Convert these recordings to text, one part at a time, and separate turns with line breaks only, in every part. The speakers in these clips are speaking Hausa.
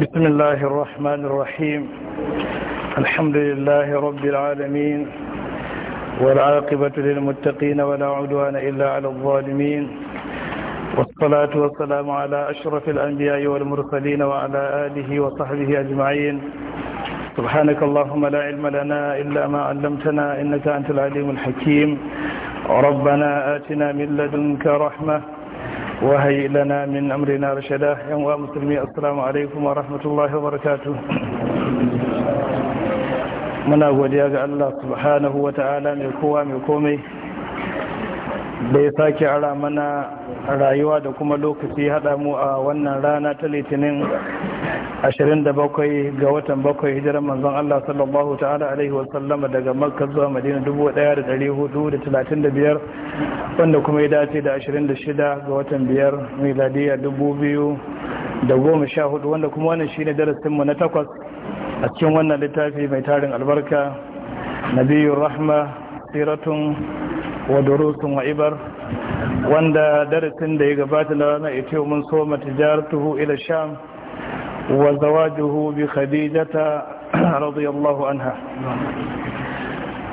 بسم الله الرحمن الرحيم الحمد لله رب العالمين والعاقبة للمتقين ولا عدوان إلا على الظالمين والصلاة والسلام على أشرف الأنبياء والمرسلين وعلى آله وصحبه أجمعين سبحانك اللهم لا علم لنا إلا ما علمتنا إنك أنت العليم الحكيم ربنا آتنا من لدنك رحمة وهي لنا من أمرنا رشدا ينوى مسلمي السلام عليكم rahmatullahi الله وبركاته muna godiya ga Allah subhanahu wa ta'ala mai kowa mai komai da ya sake ara mana rayuwa da kuma lokaci haɗa mu a wannan rana ta litinin 27 ga watan 7 hijiran manzon Allah sallallahu ta'ala alaihi wa sallama daga Makka zuwa Madina 1435 wanda kuma ya dace da 26 ga watan 5 miladiya 2014 wanda kuma wannan shine darasin mu na takwas a cikin wannan littafi mai tarin albarka Nabiyur Rahma siratun wa durusun wa ibar wanda darasin da ya gabata na ranar ita mun so tuhu ila sham وزواجه بخديجة رضي الله عنها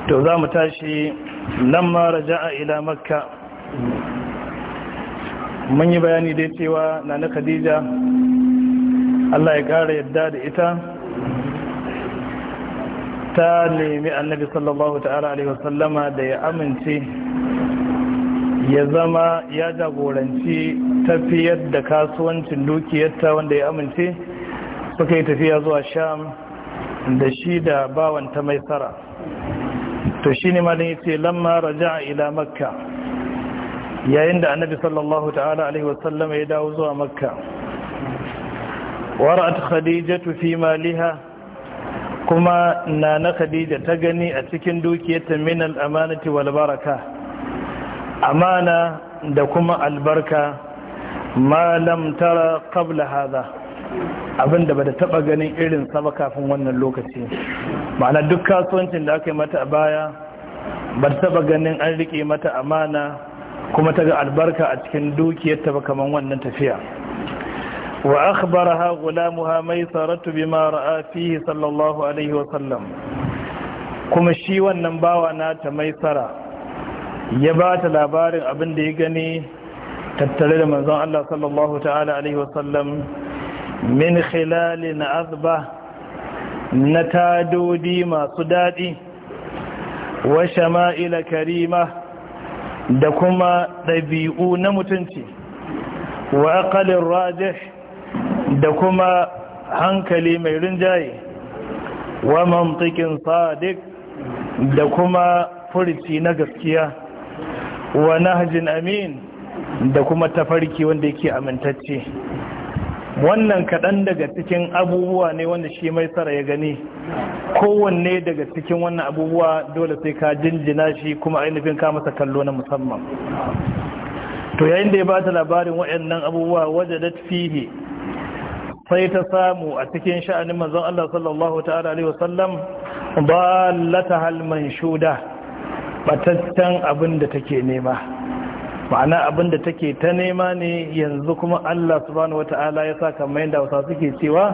تزام تاشي لما رجع إلى مكة من يبياني دي سوى نانا خديجة الله يقال يداد إتا ta nemi annabi sallallahu ta'ala alaihi wasallama da ya amince ya zama ya jagoranci tafiyar da kasuwancin dukiyarta wanda ya amince suka yi tafiya zuwa sham da shi da bawanta mai tsara to shi ne malin yace lamma raja'a ila makka yayin da annabi sallallahu ta'ala alaihi wasallam ya dawo zuwa makka warat khadijatu fi maliha kuma nana khadija ta gani a cikin dukiyarta min al-amanati wal baraka amana da kuma albarka ma lam tara qabla hadha abin da ba da taba ganin irin saba kafin wannan lokaci ma'ana duk kasuwancin da aka yi mata a baya ba da taba ganin an rike mata amana kuma ta ga albarka a cikin dukiyarta ba kamar wannan tafiya wa akhbaraha gulamuha maisaratu bima ra'a fihi sallallahu alaihi wa sallam kuma shi wannan bawa na ta mai maisara ya ba ta labarin abin da ya gani tattare da manzon Allah sallallahu ta'ala alaihi wa sallam min khilalin azba na tadodi masu daɗi wa shama'ila karima da kuma ɗabi'u na mutunci wa aqalin rajih da kuma hankali mai rinjaye wa mantikin sadiq da kuma furci na gaskiya wa nahjin amin da kuma tafarki wanda yake amintacce wannan kaɗan daga cikin abubuwa ne wanda shi mai tsara ya gani kowanne daga cikin wannan abubuwa dole sai ka jinjina shi kuma ainihin ka masa kallo na musamman to yayin da ya ba ta labarin waɗannan abubuwa wajadat fihi sai ta samu a cikin sha'anin manzon Allah sallallahu ta'ala alaihi wasallam ballata hal manshuda bataccen abin da take nema ma'ana abin da take ta nema ne yanzu kuma Allah subhanahu wata'ala ya sa kamar yadda wasa suke cewa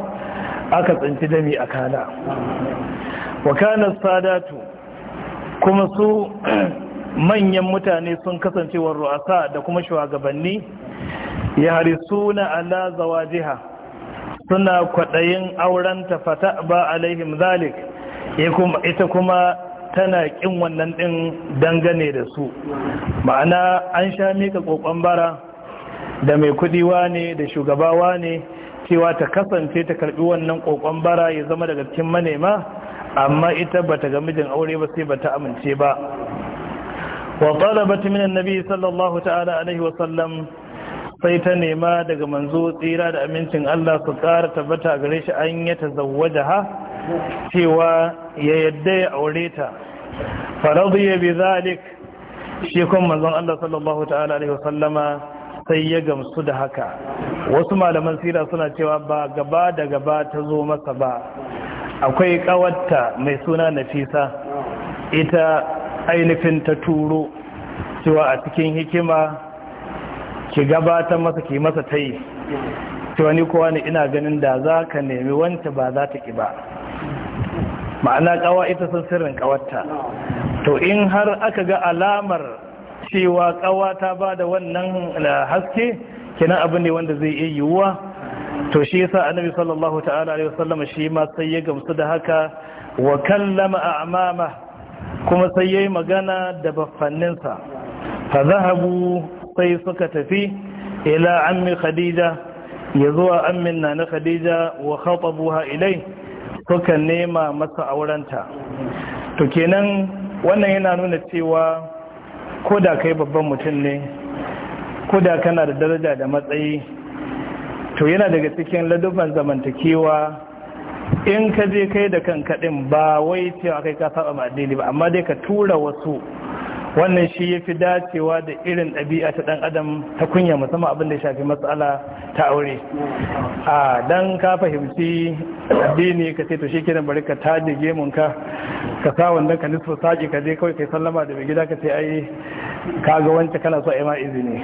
aka tsinci dami a kana wa kana sadatu
kuma su
manyan mutane sun kasance wa ru'asa da kuma shugabanni ya harisuna ala zawajiha suna kwadayin auren fata ba alaihim zalik ita kuma tana kin wannan ɗin dangane da su ma'ana an sha mika ƙoƙon bara da mai kudiwa ne da shugabawa ne cewa ta kasance ta karbi wannan ƙoƙon bara ya zama daga cikin manema amma ita ba ta ga mijin aure ba sai ba ta amince ba wa talabat min annabi sallallahu ta'ala alaihi wa sallam sai ta nema daga manzo tsira da amincin Allah su ƙara tabbata gare shi an ya tazawwajaha cewa ya yadda ya aure ta faradu ya bi zalik shi kun manzon Allah sallallahu ta'ala alaihi wasallama sai ya gamsu da haka wasu malaman sira suna cewa ba gaba da gaba ta zo masa ba akwai kawatta mai suna nafisa ita ainihin ta turo cewa a cikin hikima ki gabata masa ki masa ta yi cewa ni kowa ne ina ganin da za ka nemi wanta ba za ta ki ba ma'ana kawa ita sun sirrin kawarta to in har aka ga alamar cewa kawa ta ba da wannan eh, haske kenan abu ne wanda zai iya yiwuwa to shi yasa annabi sallallahu ta'ala alaihi wasallam shi ma sai ya gamsu da haka wa kallama a'mama kuma sai yayi magana da sa fa zahabu sai suka tafi ila ammi khadija ya zuwa ammin na khadija wa khatabuha ilai kuka nema masa aurenta to kenan wannan yana nuna cewa ko da kai babban mutum ne ko da kana da daraja da matsayi to yana daga cikin ladubban zamantakewa in ka je kai da kan kaɗin ba wai cewa kai ka saba addini ba amma dai ka tura wasu wannan shi ya fi dacewa da irin ɗabi'a ta ɗan adam ta kunya musamman abin da ya shafi matsala ta aure a dan ka fahimci addini ka ce to shi kiran bari ka taje gemunka ka sa wanda ka nisfa saƙi ka je kawai kai sallama da gida ka ce ai ka ga wancan kana so a yi ma izini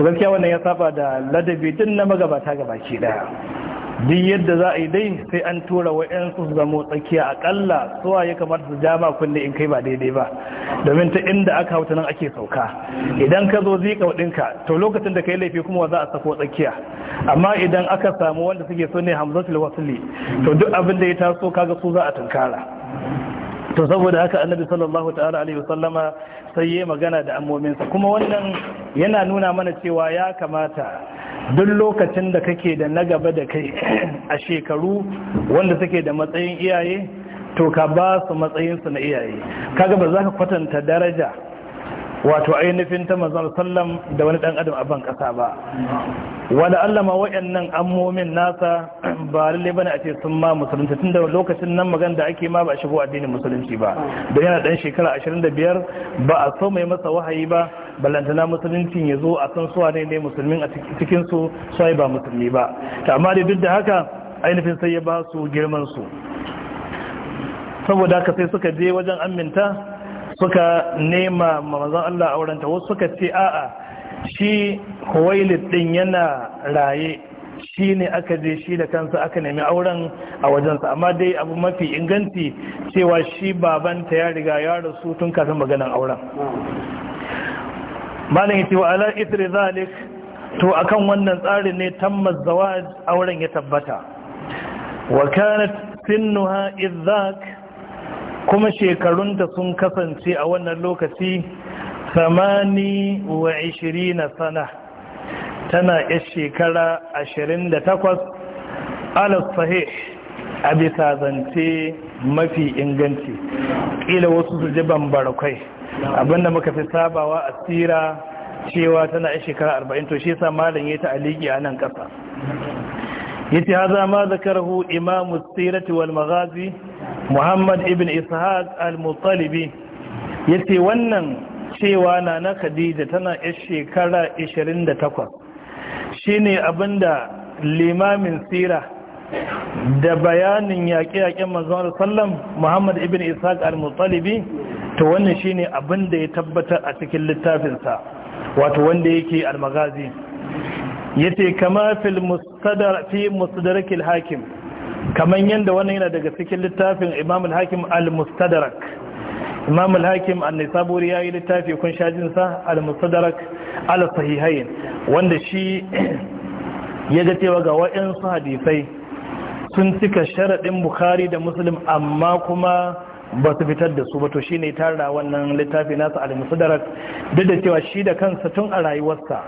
to gaskiya wannan ya saba da ladabi din na magabata gabaki daya duk yadda za a yi dai sai an tura wa wa'yansu su zamo tsakiya akalla suwa ya kamar su ja kunne in kai ba daidai ba domin ta inda aka hauta nan ake sauka idan ka zo zika ɗinka to lokacin da ka yi laifi kuma za a sako tsakiya amma idan aka samu wanda suke so ne hamzatul wasli to duk abin da ya taso kaga su za a tunkara to saboda haka annabi sallallahu ta'ala alaihi wasallama sai yayi magana da ammominsa kuma wannan yana nuna mana cewa ya kamata duk lokacin da kake da na gaba da kai a shekaru wanda suke da matsayin iyaye to ka ba su matsayinsu na iyaye kaga ba za ka kwatanta daraja wato ainihin ta manzon sallam da wani dan adam a ban kasa ba wala Allah ma wayannan ammomin nasa ba lalle bane a ce sun ma musulunci tun da lokacin nan magana da ake ma ba shigo addinin musulunci ba da yana dan shekara 25 ba a so mai masa wahayi ba ballantana musulunci ya zo a san suwa ne ne musulmin a cikin su suwaye ba musulmi ba ta amma da duk da haka ainihin sai ya ba su girman su saboda ka sai suka je wajen aminta suka nema manzon Allah aurenta wasu suka ce a'a shi Huwailid din yana raye shi ne aka je shi da kansa aka nemi auren a wajensa amma dai abu mafi inganti cewa shi babanta ya riga ya rasu tun kafin maganan auren malam yi cewa ala itri zalik to akan wannan tsarin ne tammas zawaj auren ya tabbata wa kanat sinnuha idzak kuma shekarunta sun kasance a wannan lokaci samani wa ishirina sana tana ya shekara ashirin da takwas alasahih a bisa zance mafi inganci ƙila wasu su ji bambarakwai abinda muka fi sabawa a tsira cewa tana ya shekara arba'in to shi sa malin ya ta aliki a nan ƙasa yace haza ma zakarahu imamu tsirati wal magazi muhammad ibn ishaq al-muttalibi ya ce wannan cewa na na khadija tana ya shekara 28 shine abinda limamin sira da bayanin yaƙe-yaƙen manzon sallam muhammad ibn ishaq al-muttalibi to wannan shine abinda ya tabbatar a cikin littafinsa wato wanda yake al-magazi yace kama fil mustadrak fi mustadrak al-hakim kamar yadda wannan yana daga cikin littafin imam al-hakim al-mustadrak imam al-hakim an-nisaburi ya yi littafi kun shajinsa al-mustadrak al-sahihain wanda shi ya ga cewa ga waɗansu hadisai sun cika sharaɗin bukhari da muslim amma kuma ba su fitar da su ba to shine tara wannan littafi nasu al-mustadrak duk da cewa shi da kansa tun a rayuwarsa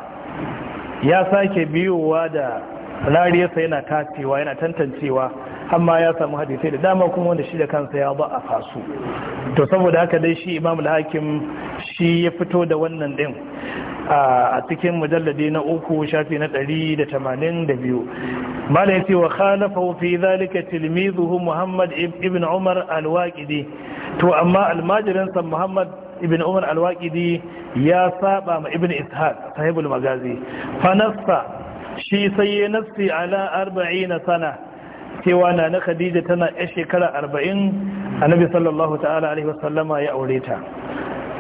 ya sake biyowa da lariyarsa yana tacewa yana tantancewa amma ya samu hadisai da dama kuma wanda shi da kansa ya ba a fasu to saboda haka dai shi imam al-hakim shi ya fito da wannan din a cikin mujalladi na uku shafi na ɗari da tamanin da biyu mala ya ce wa khalafa fi zalika tilmizuhu muhammad ibn umar Al-Waqidi. to amma almajirinsa muhammad ibn umar Al-Waqidi ya saba ma ibn ishaq sahibul magazi fanasta shi sai ya nafsi ala arba'ina sana cewa na na khadija tana ya shekara arba'in annabi sallallahu ta'ala alaihi wasallama ya aure ta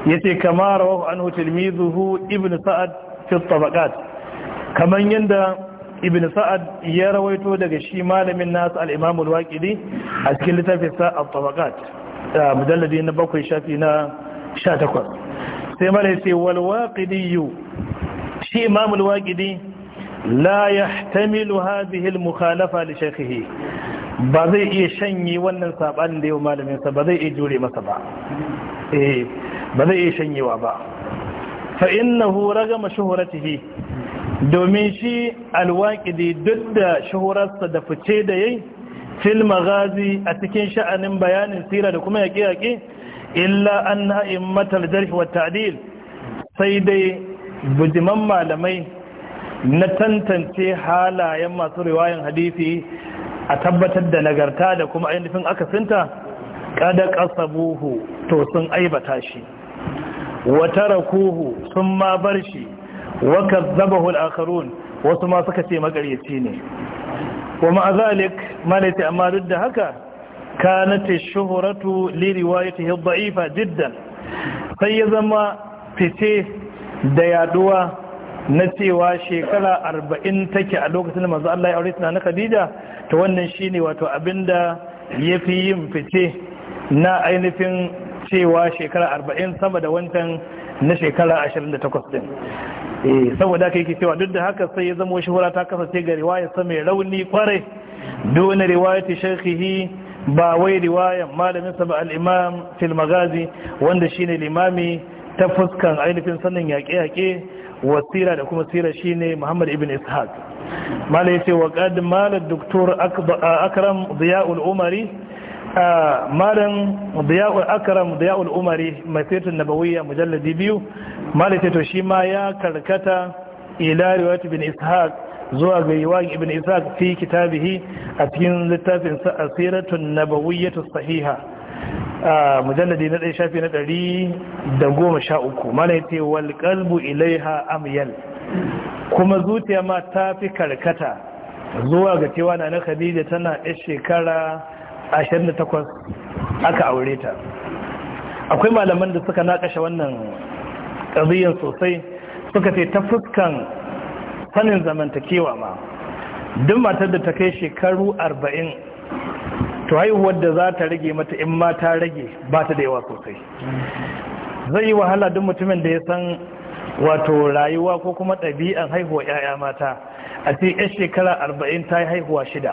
ya ce kama rawahu anhu tilmizuhu ibn sa'ad fi tabaqat kaman yanda ibn sa'ad ya rawaito daga shi malamin nasu al-imam al-waqidi a cikin littafin sa at-tabaqat mujalladi na bakwai shafi na 18 sai malai ce wal waqidi shi imam al-waqidi la yahtamilu hadhihi al-mukhalafa li shaykhihi ba iya shanye wannan sabanin da yau malamin sa ba bazai iya jure masa ba eh ba zai iya shanyewa ba fa innahu ragama shuhuratihi domin shi alwaqidi duk da da fice da yayi fil maghazi a cikin sha'anin bayanin sira da kuma yake yake illa anna immatal jarh wa ta'dil sai dai bujiman malamai na tantance halayen masu riwayan hadisi a tabbatar da nagarta da kuma ainihin akasinta kada kasabuhu to sun aibata shi wa tarakuhu sun ma bar shi wa kazzabahu al-akharun wasu ma suka ce makaryaci ne wa azalik zalik malati amma duk da haka kanat ash-shuhratu li riwayatihi ad-da'ifa jiddan sai ya zama fice da yaduwa na cewa shekara arba'in take a lokacin da Allah ya aure suna na Khadija Ta wannan shi ne wato abinda ya fi yin fice na ainihin cewa shekara arba'in sama da wancan na shekara ashirin da takwas din eh, saboda ka yake cewa duk da haka sai ya zama shi ta kasance ga riwaya sa mai rauni kwarai dona riwaya ta shaykhihi ba wai riwaya malamin sa ba al'imam fil magazi wanda shine limami ta fuskan ainihin sanin yaƙe-yaƙe wasira da kuma sira shine Muhammad ibn Ishaq malai ce wa qad mala doktor Akram Ziya'ul Umari malam Ziya'ul Akram Ziya'ul Umari masiratu nabawiyya mujalladi biyu malai to shi ma ya karkata ila riwayat ibn Ishaq zuwa ga riwayat ibn Ishaq fi kitabihi a cikin littafin sa asiratun nabawiyyatu sahiha a mujalladi na ɗaya shafi na ɗari da goma sha uku mana ya ce walƙalbu ilaiha amyal kuma zuciya ma ta fi karkata zuwa ga cewa na khadija tana ɗan shekara 28 aka aure ta akwai malaman da suka nakashe wannan ƙaziyyar sosai suka ce ta fuskan sanin zamantakewa ma duk matar da ta kai shekaru arba'in. to haihuwar da za ta rage mata in ma ta rage ba ta da yawa sosai zai yi wahala duk mutumin da ya san wato rayuwa ko kuma ɗabi'an haihuwa 'ya'ya mata a ce 'yan shekara arba'in ta haihuwa shida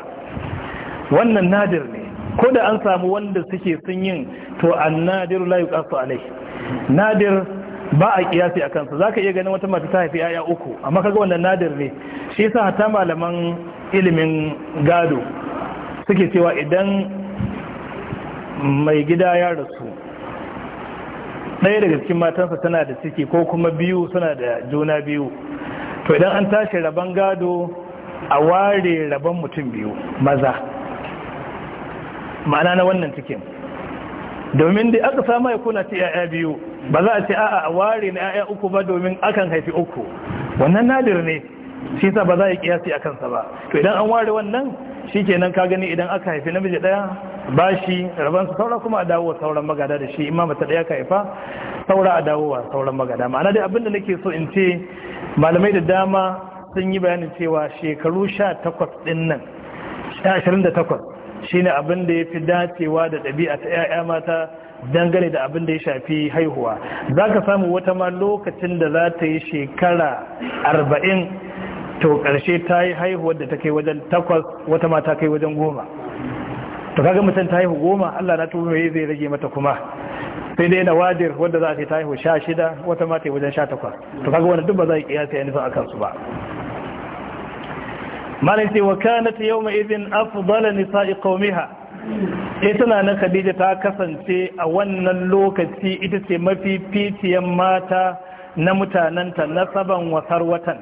wannan nadir ne ko da an samu wanda suke sun yin to an nadir layu ƙasu alai nadir ba a kiyasi a kansa za ka iya ganin wata mata ta haifi 'ya'ya uku amma kaga wannan nadir ne shi yasa hata malaman ilimin gado suke cewa idan mai gida ya rasu ɗaya daga cikin matansa tana da ciki ko kuma biyu suna da juna biyu to idan an tashi rabon gado a ware rabon mutum biyu maza ma'ana na wannan cikin domin da aka sama ya kuna ce 'ya'ya biyu ba za a ce a'a a ware na 'ya'ya uku ba domin akan haifi uku wannan nadir ne shi sa ba za a yi kiyasi a kansa ba to idan an ware wannan shi kenan ka gani idan aka haifi namiji daya ba shi rabansa saura kuma a dawowa sauran magada da shi imama ta daya ka haifa saura a dawowa sauran magada ma'ana dai abinda nake so in ce malamai da dama sun yi bayanin cewa shekaru sha takwas din nan ashirin da takwas shine abin da ya fi dacewa da ɗabi'a ta 'ya'ya mata dangane da abin da ya shafi haihuwa za ka samu wata ma lokacin da za ta yi shekara arba'in to ƙarshe ta yi haihuwar da ta kai wajen takwas wata mata kai wajen goma to kaga mutum ta haihu goma Allah na tuba mai zai rage mata kuma sai dai na wadir wadda za a ce ta haihu sha shida wata mata wajen sha takwas to kaga wani duk ba za a kiyasa ya nufin akan su ba malai ce wa kanat yawma idhin afdala nisa'i qaumiha ita eh, na na Khadija ta kasance a wannan lokaci ita ce mafi fitiyan mata na mutananta saban wasar watan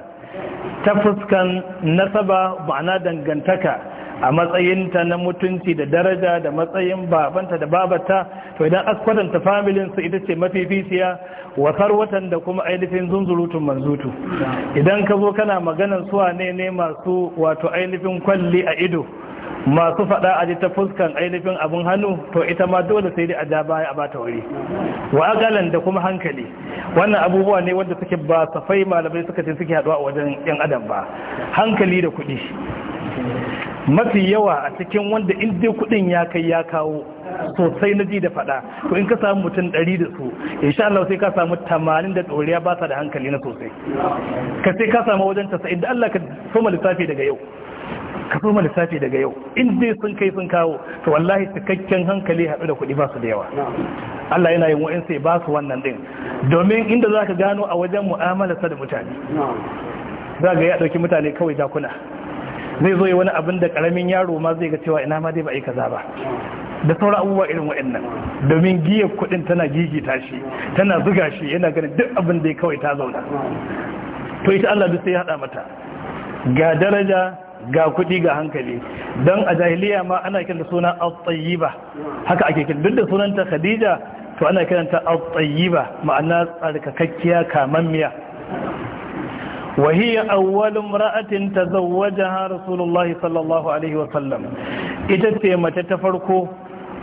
ta fuskan nasaba ma'ana dangantaka a matsayinta na mutunci da daraja da matsayin babanta da babata to idan familin su ita ce fisiya wasar watan da kuma ainihin zunzurutun manzutu idan ka zo kana maganan suwa ne ne masu wato ainihin kwalli a ido masu faɗa a ta fuskan ainihin abin hannu to ita ma dole sai dai a ja baya a ba ta wuri wa agalan da kuma hankali wannan abubuwa ne wanda suke ba safai malamai suka ce suke haɗuwa a wajen yan adam ba hankali da kuɗi mafi yawa a cikin wanda in dai kuɗin ya kai ya kawo sosai na ji da fada to in ka samu mutum ɗari da su insha Allah sai ka samu tamanin da ɗoriya ba sa da hankali na sosai ka sai ka samu wajen 90 da Allah ka soma lissafi daga yau ka mana lissafi daga yau in dai sun kai sun kawo to wallahi cikakken hankali haɗu da kuɗi ba su da yawa Allah yana yin wa'in sai ba su wannan ɗin domin inda za ka gano a wajen sa da mutane za ga ya ɗauki mutane kawai dakuna zai zo yi wani abin da ƙaramin yaro ma zai ga cewa ina ma dai ba a yi kaza ba da sauran abubuwa irin nan, domin giya kuɗin tana gigita shi tana zuga shi yana ganin duk abin da ya kawai ta zauna to ita Allah duk sai ya haɗa mata ga daraja ga kuɗi ga hankali don a jahiliya ma ana kira da suna altsayi ba haka ake kira duk da sunanta khadija to ana kira ta altsayi ba ma'ana tsarkakakkiya kamammiya wa hiya awwal imra'atin tazawwajaha rasulullahi sallallahu alaihi wa sallam ita ce mata ta farko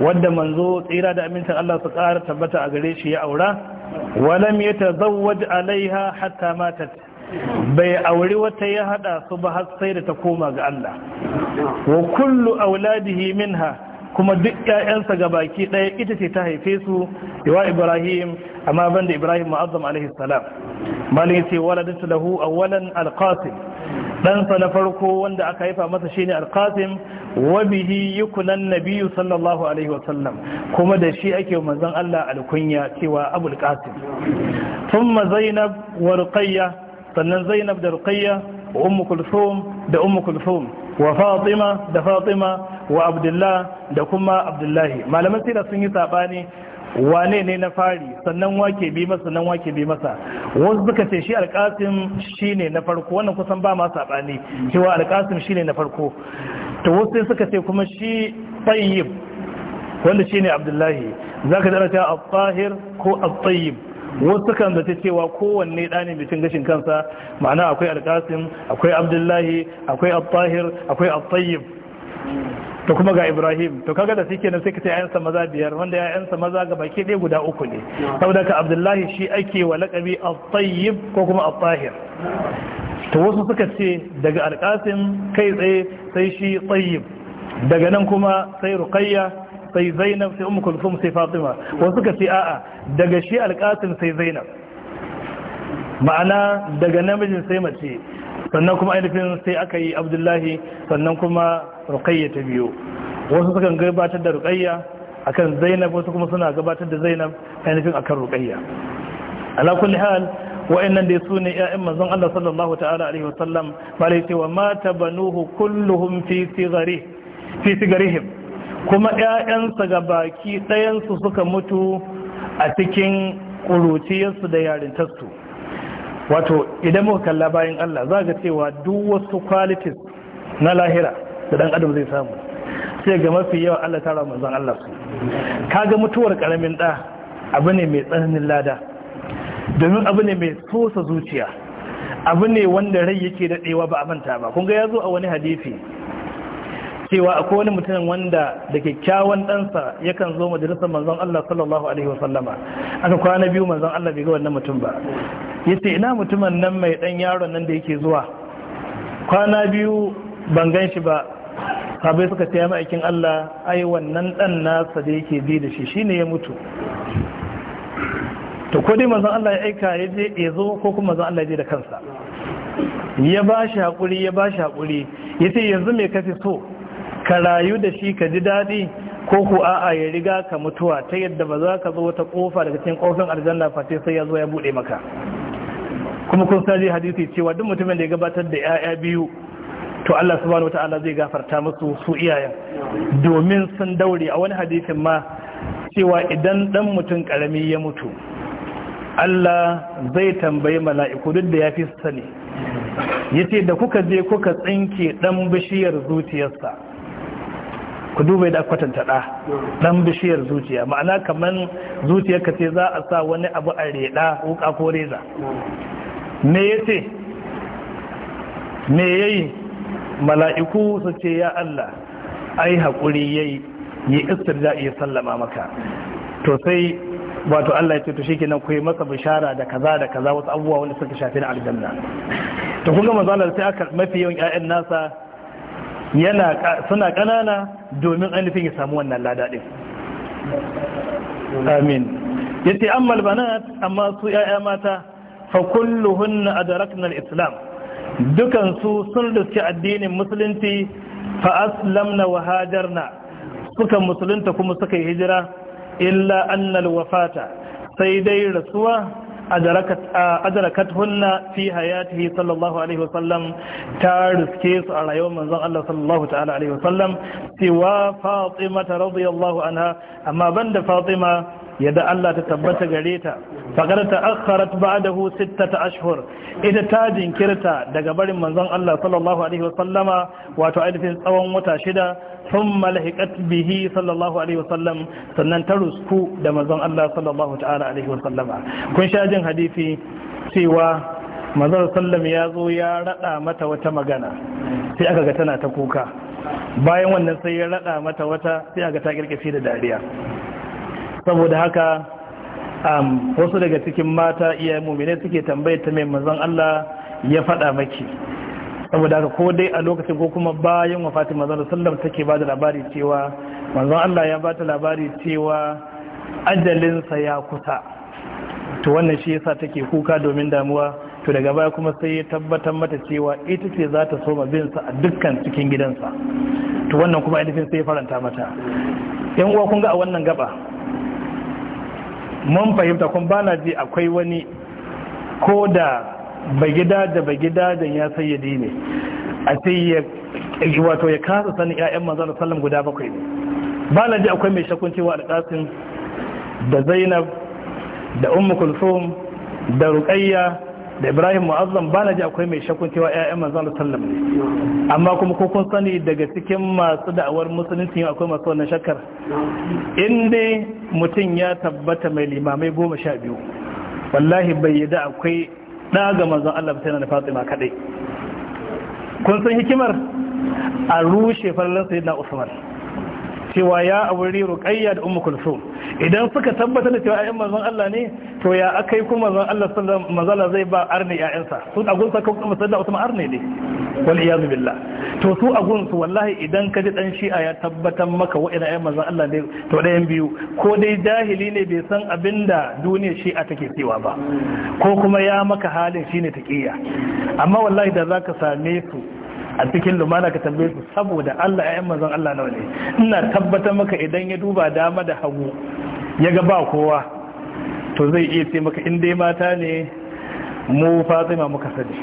wanda manzo tsira da amintan Allah su karar tabbata a gare shi ya aura wa lam yatazawwaj alaiha hatta matat bai auri wata ya hada su ba har sai da ta koma ga Allah
wa kullu
auladihi minha kuma duk ƴaƴansa ga baki ɗaya ita ce ta haife su yawa Ibrahim amma da Ibrahim mu'azzam alaihi salam malin yace waladatu lahu awwalan alqasim dan sa na farko wanda aka haifa masa shine alqasim wa bihi yukunan nabiyyu sallallahu alaihi sallam, kuma da shi ake manzon Allah alkunya cewa abul qasim thumma zainab wa ruqayyah sannan zainab da ruqayya wa ummu kulthum da ummu kulthum wa fatima da fatima wa abdullah da kuma abdullahi malaman sira sun yi sabani wane ne na fari sannan wake bi masa sannan wake bi masa wasu suka ce shi alkasim shine na farko wannan kusan ba ma sabani cewa alkasim shine na farko to wasu suka ce kuma shi tayyib wanda shine abdullahi zaka dara ta at-tahir ko at-tayyib wasu kan zata cewa kowanne ɗani ne bikin gashin kansa ma'ana akwai Alƙasim, akwai abdullahi akwai abtahir akwai abtayyib to kuma ga ibrahim to kaga da suke nan sai ka ce ayansa maza biyar wanda ayansa maza ga baki ɗaya guda uku ne saboda ka abdullahi shi ake wa laƙabi abtayyib ko kuma abtahir to wasu suka ce daga Alƙasim kai tsaye sai shi tsayyib daga nan kuma sai ruqayya sai zainab sai ummu Kulfum sai fatima wasu ka ce a'a daga shi alƙasim sai zainab ma'ana daga namijin sai mace sannan kuma ainihin sai aka yi abdullahi sannan kuma ruqayya ta biyo wasu sukan gabatar da ruqayya akan zainab wasu kuma suna gabatar da zainab ainihin akan ruqayya ala kulli hal wa'annan dai su ne ‘ya'yan manzon Allah sallallahu ta'ala alaihi wa ba da cewa mata banuhu kulluhum fi sigarihim kuma 'ya'yansa ga baki ɗayansu suka mutu a cikin ƙuruciyarsu da yarintarsu wato idan muka kalla bayan Allah za ga cewa duk wasu qualities na lahira da ɗan adam zai samu sai ga mafi yawa Allah tara manzon Allah su kaga mutuwar ƙaramin ɗa abu ne mai tsananin lada domin abu ne mai sosa zuciya abu ne wanda rai yake daɗewa ba a manta ba kun ga zo a wani hadisi cewa akwai wani mutum wanda da kyakkyawan ɗansa yakan zo majalisar manzon Allah sallallahu alaihi wasallama aka kwana biyu manzon Allah bai ga wannan mutum ba yace ina mutumin nan mai dan yaron nan da yake zuwa kwana biyu ban gan shi ba sabai suka taya ma'aikin Allah ai wannan ɗan nasa da yake bi da shi shine ya mutu to ko dai manzon Allah ya aika ya je ya zo ko kuma manzon Allah ya je da kansa ya ba shi haƙuri ya ba shi haƙuri yace yanzu mai kafi so ka rayu da shi ka ji daɗi ko ku a'a ya riga ka mutuwa ta yadda ba za ka zo wata ƙofa daga cikin ƙofin aljanna fate sai ya zo ya buɗe maka kuma kun sani hadisi cewa duk mutumin da ya gabatar da 'ya'ya biyu to Allah subhanahu wataala zai gafarta musu su iyayen domin sun daure a wani hadisin ma cewa idan dan mutum karami ya mutu Allah zai tambayi mala'iku duk da ya fi sani yace da kuka je kuka tsinke dan bishiyar zuciyarsa ku duba yadda kwatanta ɗa ɗan bishiyar zuciya ma'ana kamar zuciyarka ce za a sa wani abu a reɗa wuka ko reza me ya me yayi yi mala'iku su ce ya Allah ai haƙuri ya yi yi istirja iya sallama maka to sai wato Allah ya ce to shikenan ku yi masa bishara da kaza da kaza wasu abubuwa wanda suka shafi na aljanna to kuma manzo Allah sai aka mafi yawan ƴaƴan nasa yana suna kanana domin ainihin ya samu wannan lada din amin yace an albanat amma su yaya mata fa kulluhunna adrakna alislam dukan su sun riski addinin musulunci fa aslamna wa hajarna suka musulunta kuma suka yi hijira illa annal wafata sai dai rasuwa adarakat hunna fi hayatihi sallallahu alaihi wasallam ta riske su a rayuwar manzon Allah sallallahu ta'ala alaihi wasallam siwa fatima ta radiyallahu anha amma ban da fatima yadda Allah ta tabbata gare ta ba da hu sita ta ashhur ita ta jinkirta daga barin manzon Allah sallallahu alaihi wasallama wato aidafin tsawon wata shida thumma lahiqat bihi sallallahu alaihi wasallam sannan ta rusku da manzon Allah sallallahu ta'ala alaihi wasallama kun sha jin hadisi cewa manzon sallam ya zo ya rada mata wata magana sai aka ga tana ta kuka bayan wannan sai ya rada mata wata sai ga ta kirkice da dariya saboda haka um, wasu daga cikin mata iya mumine suke tambayar ta mai manzon Allah ya faɗa maki saboda haka ko dai a lokacin ko kuma bayan wafatin manzon sallam take ba da labari cewa manzon Allah ya ba ta labari cewa ajalin sa ya kusa to wannan shi yasa take kuka domin damuwa to daga baya kuma sai ya tabbatar mata cewa ita ce za ta soma binsa a dukkan cikin gidansa to wannan kuma ainihin sai ya faranta mata yan uwa kun ga a wannan gaba mun fahimta kun bana ji akwai wani ko da bagida da bagida da ya sayyadi ne a sai ya wato ya kasa sanin ƴaƴan manzon sallam guda bakwai ne bana ji akwai mai shakuncewa cewa alƙasin da Zainab da Ummu kulsum da Ruqayya da ibrahim mu'azzam ba na ji akwai mai shakun cewa ƴaƴan manzon sallam ne amma kuma ko kun sani daga cikin masu da'awar musulunci akwai masu wannan shakkar in dai mutum ya tabbata mai limamai goma sha biyu wallahi bai yi da akwai ɗaga ga allah sai na fatima kaɗai kun san hikimar a rushe farlan sayyidina usman cewa ya auri ruqayya da ummu kulsum idan suka tabbatar da cewa ayyan manzon Allah ne to ya akai kuma manzon Allah sallallahu alaihi zai ba arni ƴaƴansa su a gunsa kan kuma sallallahu alaihi arni ne wal iyad billah to su a gunsu wallahi idan ka ji dan shi'a ya tabbatar maka wa'ina ayyan manzon Allah ne to ɗayan biyu ko dai jahili ne bai san abinda shi shi'a take cewa ba ko kuma ya maka halin shi ne taqiya amma wallahi da zaka same su a cikin lumana ka tambaye su saboda Allah ya manzon Allah na ne ina tabbatar maka idan ya duba dama da hagu ya ga ba kowa to zai iya ce maka in dai mata ne mu Fatima muka sani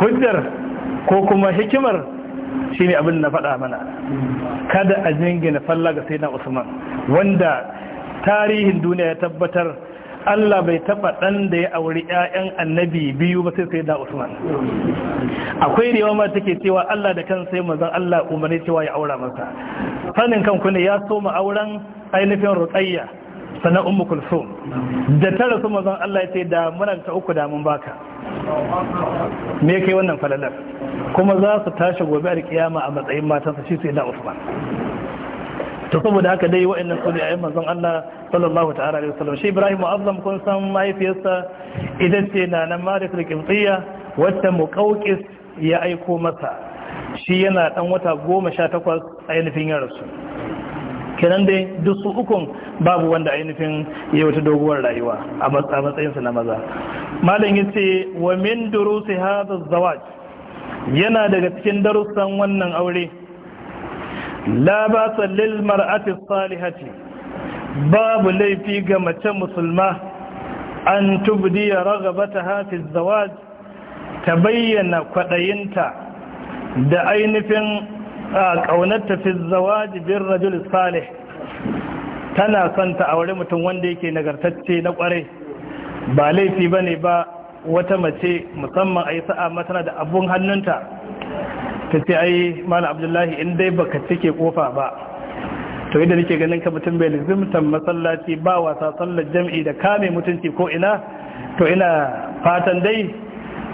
hujjar ko kuma hikimar shi ne abin na faɗa mana kada a jingina falla ga sai na Usman wanda tarihin duniya ya tabbatar Allah bai taba dan da ya auri ƴaƴan annabi biyu ba sai sai da Usman akwai rewa ma take cewa Allah da kansa sai manzon Allah umarni cewa ya aura masa sanin kanku ne ya so mu auren ainihin Ruqayya sannan Ummu Kulsum da ta rasu manzon Allah ya ce da muna ta uku da mun baka me kai wannan falalar kuma za su tashi gobe a kiyama a matsayin matansa shi sai da Usman to da haka dai wa'annan su ne a manzon Allah sallallahu ta'ala alaihi wasallam shi Ibrahim mu'azzam kun san mahaifiyarsa idan ce na nan Malik al-Qibtiyya wacce muqawqis ya aiko masa shi yana dan wata 18 ainihin ya rasu kenan dai duk su ukun babu wanda ainihin ya wata doguwar rayuwa a matsayinsa na maza malam yace wa min durusi hadha zawaj yana daga cikin darussan wannan aure la ba sallil mar'ati salihati babu laifi ga mace musulma an tubdiya ragabata hafiz zawaj ta bayyana kwadayinta da ainihin ƙaunarta fi zawaji bin rajul salih tana son ta aure mutum wanda yake nagartacce na kwarai ba laifi bane ba wata mace musamman a yi sa'a matana da abun hannunta ta ce ai mana abdullahi in dai baka cike kofa ba to idan nake ganin ka mutum bai lizimtan masallaci ba wasa sallar jam'i da kame mutunci ko ina to ina fatan dai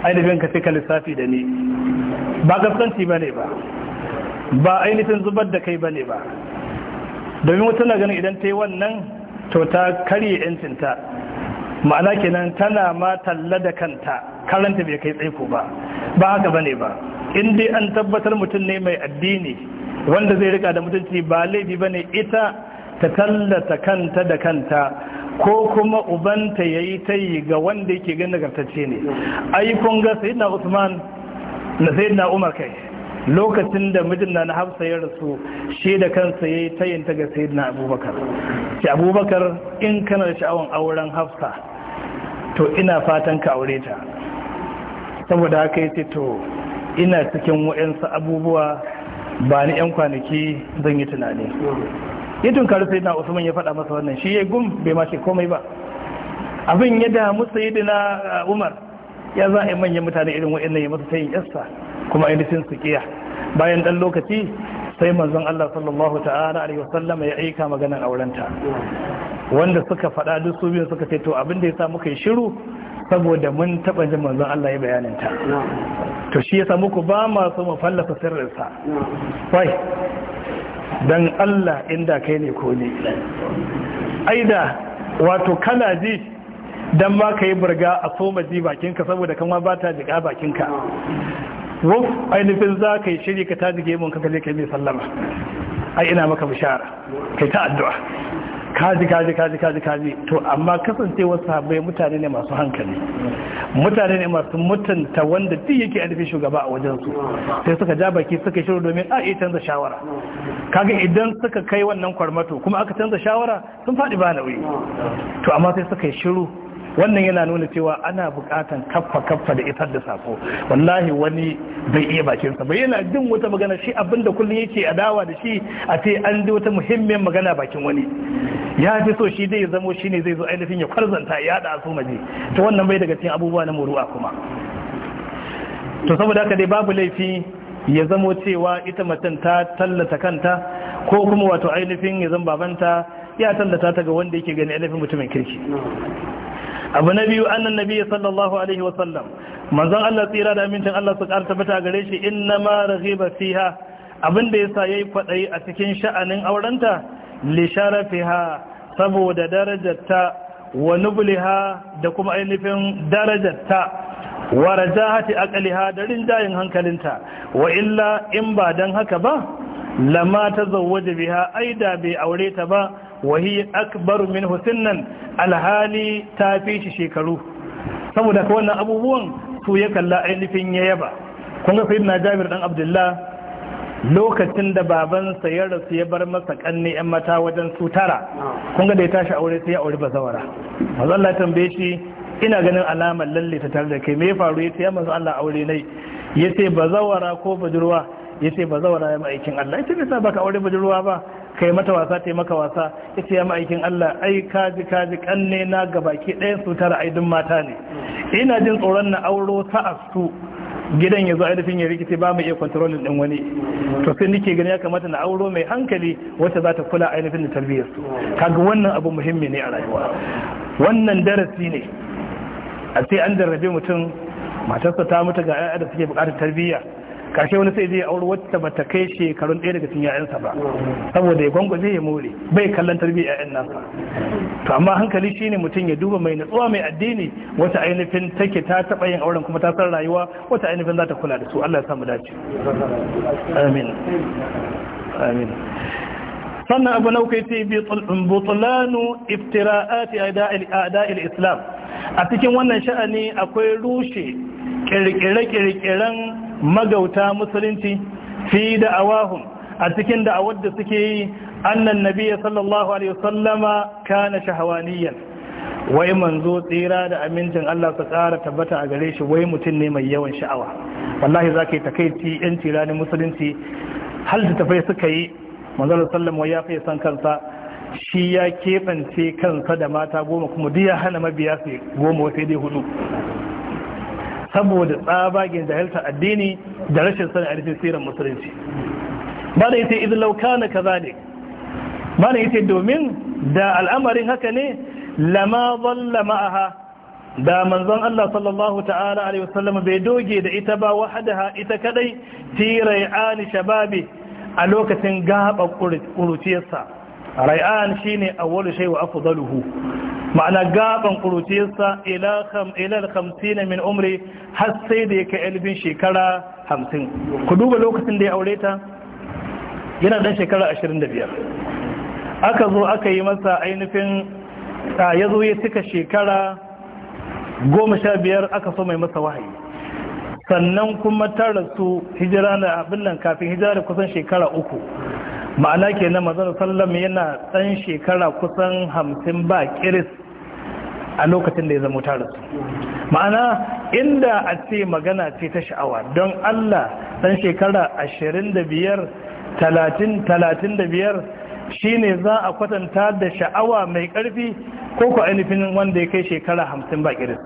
ainihin ka cika lissafi da ni ba gaskanci ba ne ba ba ainihin zubar da kai ba ne ba domin wata na ganin idan ta yi wannan to ta karye yancinta ma'ana kenan tana ma talla da kanta karanta bai kai tsaiko ba ba haka bane ba in dai an tabbatar mutum ne mai addini wanda zai rika da mutunci ba laifi ba ne ita ta tallata kanta da kanta ko kuma ubanta ya yi ta yi ga wanda yake gan nagartacce ne ayyukun ga sayidina usman na sayidina umar kai lokacin da mijin na hafsa ya rasu shi da kansa ya yi ta ga sayidina abubakar shi abubakar in kana da sha'awan auren hafsa to ina fatan ka aure ta saboda haka yace to ina cikin wa'yansu abubuwa ba ni 'yan kwanaki zan yi tunani Yi tunkari sai na usman ya faɗa masa wannan shi ya gum bai mashi komai ba abin ya damu sai dina uh, umar ya za a yi manyan mutane irin wa'yannan ya masa sayin yasta kuma ainihin su kiya bayan ɗan lokaci sai manzon Allah sallallahu ta'ala alaihi wasallama ya aika maganar aurenta wanda suka faɗa duk su biyu suka ce to abin da ya sa muka yi shiru saboda mun taba jin manzon Allah ya bayanin ta to shi yasa muku ba ma so mu fallasa sirrinsa wai dan Allah inda kai ne ko ne aida wato kana ji dan ma kai burga a so ji bakinka saboda kanwa ba ta jiga bakinka ruf ainihin za ka shiri ka ta jige mun ka kaje kai mai sallama ai ina maka bishara kai ta addu'a kaji kaji kaji kaji kaji to amma kasance wasu habai mutane ne masu hankali mutane ne masu mutunta wanda duk yake alifin shugaba a wajensu sai suka ja baki suka shiru domin a iya canza shawara kaga idan suka kai wannan kwarmato kuma aka canza shawara sun faɗi ba nauyi to amma sai suka yi shiru wannan yana nuna cewa ana bukatan kaffa kaffa da isar da sako wallahi wani bai iya bakin sa bai yana jin wata magana shi abinda kullun yake adawa da shi a ce an ji wata muhimmiyar magana bakin wani ya fi so shi zai zamo shi ne zai zo ainihin ya kwarzanta ya da su maji ta wannan bai daga cikin abubuwa na muru'a kuma to saboda haka dai babu laifi ya zamo cewa ita mutum ta tallata kanta ko kuma wato ainihin ya zama babanta ya tallata ta ga wanda yake gani ainihin mutumin kirki abu na biyu annan nabi sallallahu alaihi wa sallam manzon Allah tsira da amincin Allah su karta bata gare shi na ma raghiba fiha abin da yasa yi kwadayi a cikin sha'anin aurenta lisharafiha saboda darajarta wa nubliha da kuma ainihin darajarta wa rajahati aqliha da rinjayin hankalinta wa illa in ba dan haka ba lama tazawwaja biha aida bai aure ta ba wahi hi min husnan alhali ta fi shi shekaru saboda ka wannan abubuwan su ya kalla ainihin yayaba kun ga sayyidina Jabir dan Abdullah
lokacin
da babansa ya rasu ya bar masa kanne yan mata wajen su tara kun ga da ya tashi aure sai ya aure bazawara manzo Allah tambaye shi ina ganin alamar lalle ta tare da kai me ya faru ya ya manzo Allah aure nai yace bazawara ko budurwa yace bazawara ya ma'aikin Allah yace ba baka aure budurwa ba kai mata wasa ta maka wasa ya ce ya ma'aikin Allah ai kaji kaji kanne na gabaki ɗaya su tara aidin mata ne ina jin tsoron na auro ta astu gidan ya zo ainihin ya rikice ba mu iya kwantarolin ɗin wani to sai nike gani ya kamata na auro mai hankali wacce za ta kula ainihin da tarbiyyar su kaga wannan abu muhimmi ne a rayuwa wannan darasi ne a sai an jarrabe mutum matarsa ta mutu ga 'ya'ya da suke bukatar tarbiyya Kashe wani sai zai auri wacce bata kai shekarun ɗaya daga cikin ya'yansa ba saboda ya gwangwaje ya more bai kallon tarbiyya ya'yan nasa to amma hankali shine mutum ya duba mai natsuwa mai addini wata ainihin take ta taɓa yin auren kuma ta san rayuwa wata ainihin za ta kula da su Allah ya samu dace amin amin sannan abu na kai ce butulanu iftira'ati a'da'il islam a cikin wannan sha'ani akwai rushe kirkire-kirkiren magauta musulunci fi da da'awahum a cikin da'awar da suke yi annan nabiyya sallallahu alaihi wasallama kana shahawaniyan wai manzo tsira da amincin Allah su tsara tabbata a gare shi wai mutum ne mai yawan sha'awa wallahi zaka yi takaici yan tirani musulunci hal da tafai suka yi manzo sallallahu ya fi san kansa shi ya kebance kansa da mata goma kuma duk ya hana mabiya su goma sai dai hudu saboda tsabagen jahilta addini da rashin sani a siran musulunci ba da yace idan lauka na kaza ne ba da yace domin da al'amarin haka ne lama zalla ma'aha da manzon Allah sallallahu ta'ala alaihi wasallam bai doge da ita ba wahadaha ita kadai tirai ani shababi a lokacin gaba kuruciyarsa rai'an shine awwalu shay wa afdaluhu ma'ana gaban kuruciyarsa ila kham ila 50 min umri har sai da yake elbin shekara 50 ku duba lokacin da ya aure ta yana dan shekara 25 aka zo aka yi masa ainihin ya zo ya cika shekara 15 aka so mai masa wahayi sannan kuma ta rasu hijira na abin nan kafin hijira da kusan shekara uku ma'ana ke na mazan sallam yana ɗan shekara kusan hamsin ba kiris a lokacin da ya zama tare su ma'ana inda a ce magana ce ta sha'awa don allah ɗan shekara ashirin da biyar talatin talatin da biyar shi ne za a kwatanta da sha'awa mai ƙarfi ko ku ainihin wanda ya kai shekara hamsin ba kiris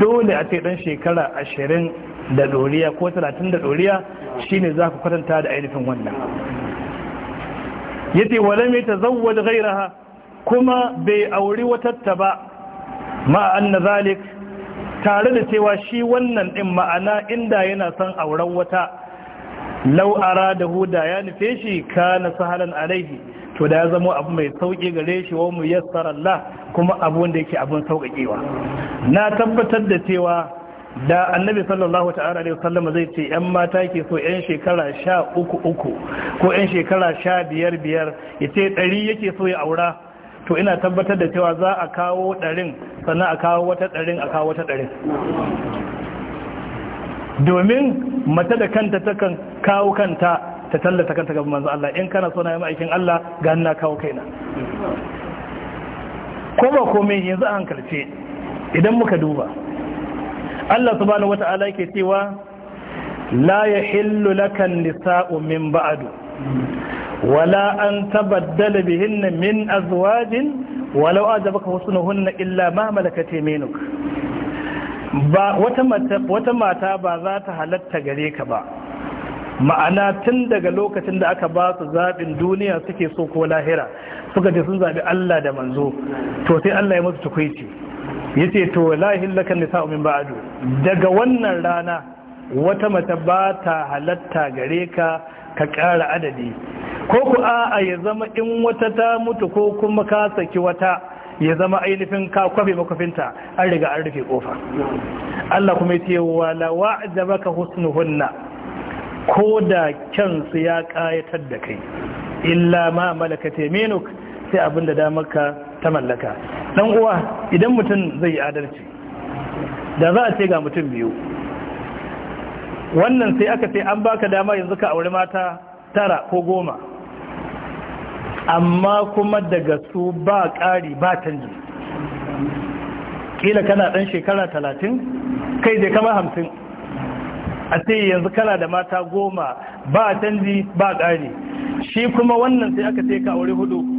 dole a ce ɗan shekara ashirin da ɗoriya ko talatin da ɗoriya shi ne za ku kwatanta da ainihin wannan yace wala mai tazawwaj ghayraha kuma bai auri watatta ba ma anna zalik tare da cewa shi wannan din ma'ana inda yana son auren wata Lau'ara da huda ya nufe shi kana sahalan alaihi to da ya zama abu mai sauƙi gare shi wa mu yassara Allah kuma abu wanda yake abin sauƙaƙewa na tabbatar da cewa da annabi sallallahu ta'ala alaihi wasallam zai ce yan mata ke so yan shekara sha uku uku ko yan shekara sha biyar biyar ya ce ɗari yake so ya aura to ina tabbatar da cewa za a kawo ɗarin sannan a kawo wata ɗarin a kawo wata ɗarin domin mata da kanta ta kan kawo kanta ta tallata kanta ga manzo Allah in kana so na yi ma'aikin Allah ga na kawo kaina ko ba komai yanzu a hankalce idan muka duba Allah subhanahu wata'ala yake cewa la yahillu lakan nisa'u min ba'du wala an tabaddala bihinna min azwajin walau ajabaka husnuhunna illa ma malakat yaminuk ba wata mata wata mata ba za ta halatta gare ka ba ma'ana tun daga lokacin da aka ba su zaɓin duniya suke so ko lahira suka ce sun zaɓi Allah da manzo to sai Allah ya musu tukwici Ya ce to lahin laka nisa min ado. daga wannan rana wata mata ba ta halatta gare ka ka ƙara adadi ko ku a ya zama in wata ta mutu ko kuma ka saki wata ya zama ainihin ka kwafe makwafinta an riga an rufe kofa Allah kuma ya ce ka baka husnuhunna ko da kyansu ya kayatar da kai illa ma malakata Minuk sai abinda da maka ta mallaka dan uwa idan mutum zai yi adalci da za a ce ga mutum biyu wannan sai aka ce an baka dama yanzu ka aure mata tara ko goma amma kuma daga su ba ƙari ba canji kila kana ɗan shekara talatin kai da kama hamsin a ce yanzu kana da mata goma ba canji ba ƙari shi kuma wannan sai aka ce ka aure hudu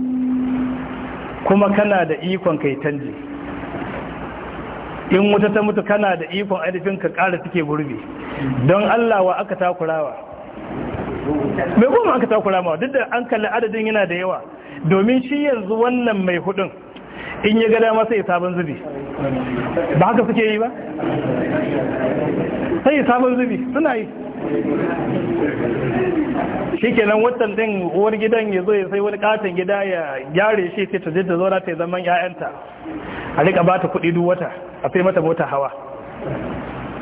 kuma kana da ikon kai canji in wuta ta mutu kana da ikon ainihin ka ƙara suke gurbi don Allah wa aka takurawa mai goma aka takurawa duk da an kalli adadin yana da yawa domin shi yanzu wannan mai hudun in ya gada masa ya sabon zubi ba haka suke yi ba sai ya sabon zubi suna yi shikenan watan din uwar gidan ya zo ya sai wani katon gida ya gyare shi sai ta jidda zora ta zaman ƴaƴanta a rika bata kuɗi duk wata a sai mata mota hawa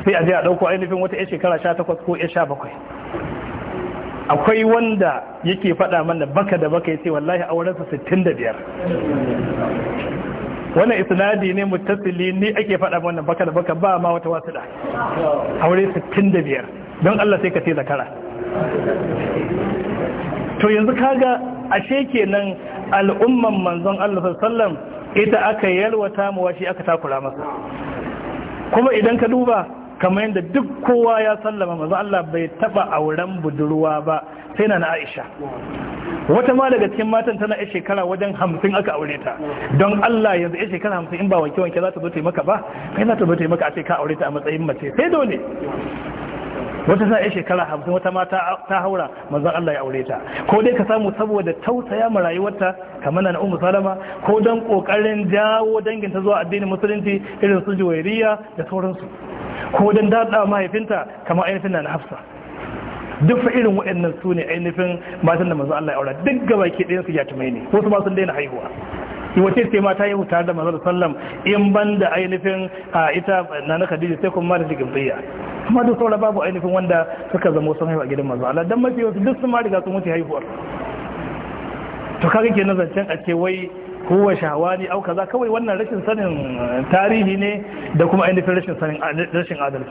sai a je a ɗauko ainihin wata 'yan shekara 18 ko 17 akwai wanda yake faɗa mana baka da baka ya ce wallahi aurensa 65 wannan isnadi ne mutasili ni ake faɗa mana baka da baka ba ma wata wasu da aure 65 don Allah sai ka ce zakara to yanzu kaga ashe kenan al'umman manzon Allah sallam ita aka yalwata mu washi aka takura masa kuma idan ka duba kamar yadda duk kowa ya sallama manzo Allah bai taba auren budurwa ba sai na Aisha wata ma daga cikin matan tana ya shekara wajen hamsin aka aure ta don Allah yanzu a shekara hamsin in ba wanke wanke za ta zo taimaka ba kai za ta zo taimaka a ka aure ta a matsayin mace sai dole wata sa ya shekara hamsin wata ma ta haura manzon Allah ya aure ta ko dai ka samu saboda tausaya ma rayuwarta kamar na umu Salama ko don kokarin jawo dangin ta zuwa addinin musulunci irin su Juwairiya da sauransu ko don daɗa mahaifinta kamar ainihin na Hafsa duk fa irin waɗannan su ne ainihin matan da manzon Allah ya aura duk gaba ke ɗayan su ya tumai ne wasu ma sun daina haihuwa yi wace ce ma yi tare da mazar sallam in ban da ainihin ita na na khadija sai kuma da shigimbiya Kuma duk saura babu ainihin wanda suka zama sun haihu a gidan manzon Allah dan mafi wasu duk sun ma riga sun wuce haihuwar to kaga ke zancen a ce wai kowa ne auka za kawai wannan rashin sanin tarihi ne da kuma ainihin rashin adalci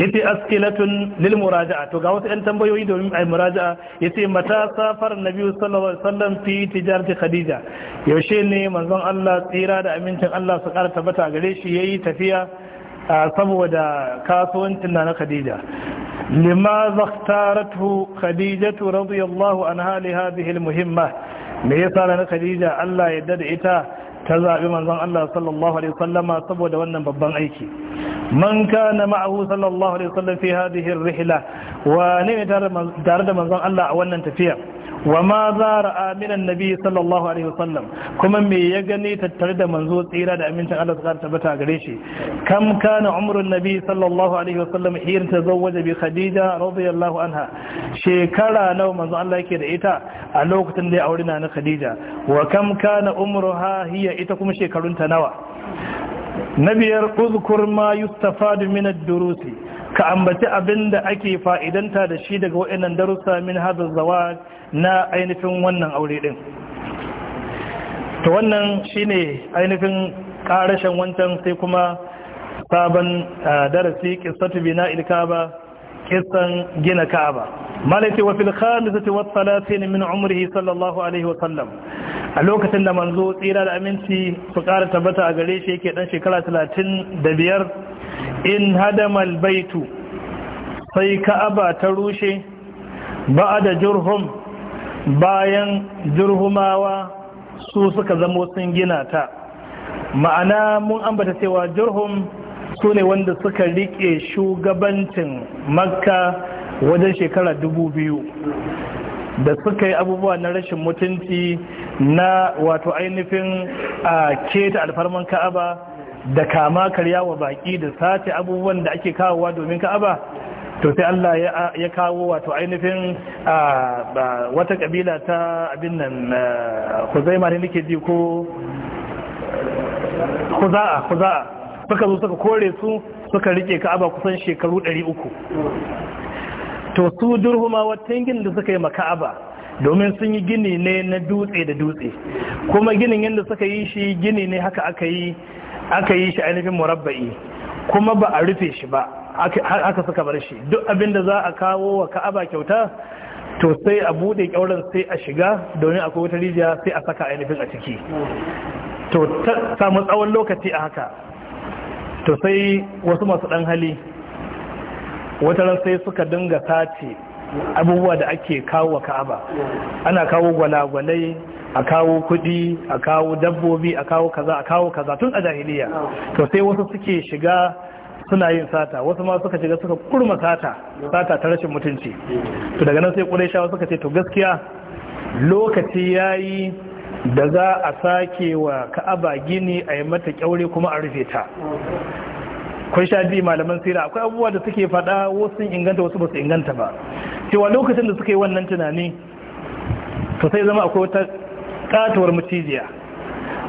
yace askilatun lil muraja'a to ga wasu ɗan tambayoyi domin ai muraja'a yace mata safar nabi sallallahu alaihi wasallam fi tijarati khadija yaushe ne manzon Allah tsira da amincin Allah su ƙara tabbata gare shi yayi tafiya saboda kasuwancin na khadija
limaza
ikhtaratu khadijatu radiyallahu anha li hadhihi al muhimma me yasa na khadija Allah ya da ita ta zaɓi manzan Allah sallallahu alaihi sallama saboda wannan babban aiki man kana ma'ahu sallallahu alaihi wasallam fi hadhihi ar-rihla wa ne tare da manzan Allah a wannan tafiya wa ma za ra'a minan nabi sallallahu alaihi wasallam kuma me ya gani tattare da manzo tsira da amincin Allah ta tabbata gare shi kam kana umrun nabi sallallahu alaihi wasallam hir tazawwaja bi khadija radiyallahu anha shekara nawa manzo Allah yake da ita a lokacin da ya aure na khadija wa kam kana umruha hiya ita kuma shekarunta nawa nabiyar uzkur ma yustafadu min ad-durusi ka ambaci abin da ake fa'idanta da shi daga wa'inan darussa min hadar zawa na ainihin wannan aure ɗin ta wannan shi ne ainihin ƙarashen wancan sai kuma sabon darasi ƙistatu bina ilkaba ƙistan gina ka'aba malaiti wa filkhami zai wata ne min umrihi sallallahu alaihi wasallam a lokacin da manzo tsira da aminci su ƙara tabbata a gare shi yake ɗan shekara talatin da biyar in hadamal baitu sai ka'aba ta rushe ba da jurhum bayan jurhumawa su suka zamo sun gina ta ma'ana mun ambata cewa jurhum su ne wanda suka rike shugabancin makka wajen shekara dubu biyu da suka yi abubuwa na rashin mutunci na wato ainihin a keta alfarman ka'aba da kama karya wa baki da sace abubuwan da ake kawowa domin ka'aba to sai Allah ya kawo wato ainihin wata kabila ta abin nan Huzaima ne nake ji ko Huza'a Huza'a suka zo suka kore su suka rike Ka'aba kusan shekaru 300 to su durhuma watan ginin da suka yi ma Ka'aba domin sun yi gini ne na dutse da dutse kuma ginin yadda suka yi shi gini ne haka aka yi aka yi shi ainihin murabba'i kuma ba a rufe shi ba aka suka bar shi duk abin da za a kawo wa ka'aba kyauta to sai a bude kyauran sai a shiga domin akwai wata rijiya sai a saka ainihin a ciki to ta samu tsawon lokaci a haka to sai wasu masu dan hali wata wataran sai suka dinga sace abubuwa da ake kawo wa ka'aba ana kawo gwalagwalai a kawo kudi a kawo dabbobi a kawo kaza a kawo kaza tun a jahiliya to sai wasu suke shiga suna yin sata wasu ma suka shiga suka kurma sata sata ta rashin mutunci to daga nan sai quraishawa suka ce to gaskiya lokaci yayi da za a sake wa ka'aba gini a yi mata kyaure kuma a rufe ta kun sha biyu malaman sira akwai abubuwa da suke faɗa wasu inganta wasu ba inganta ba cewa lokacin da suka yi wannan tunani to sai zama akwai wata katuwar macijiya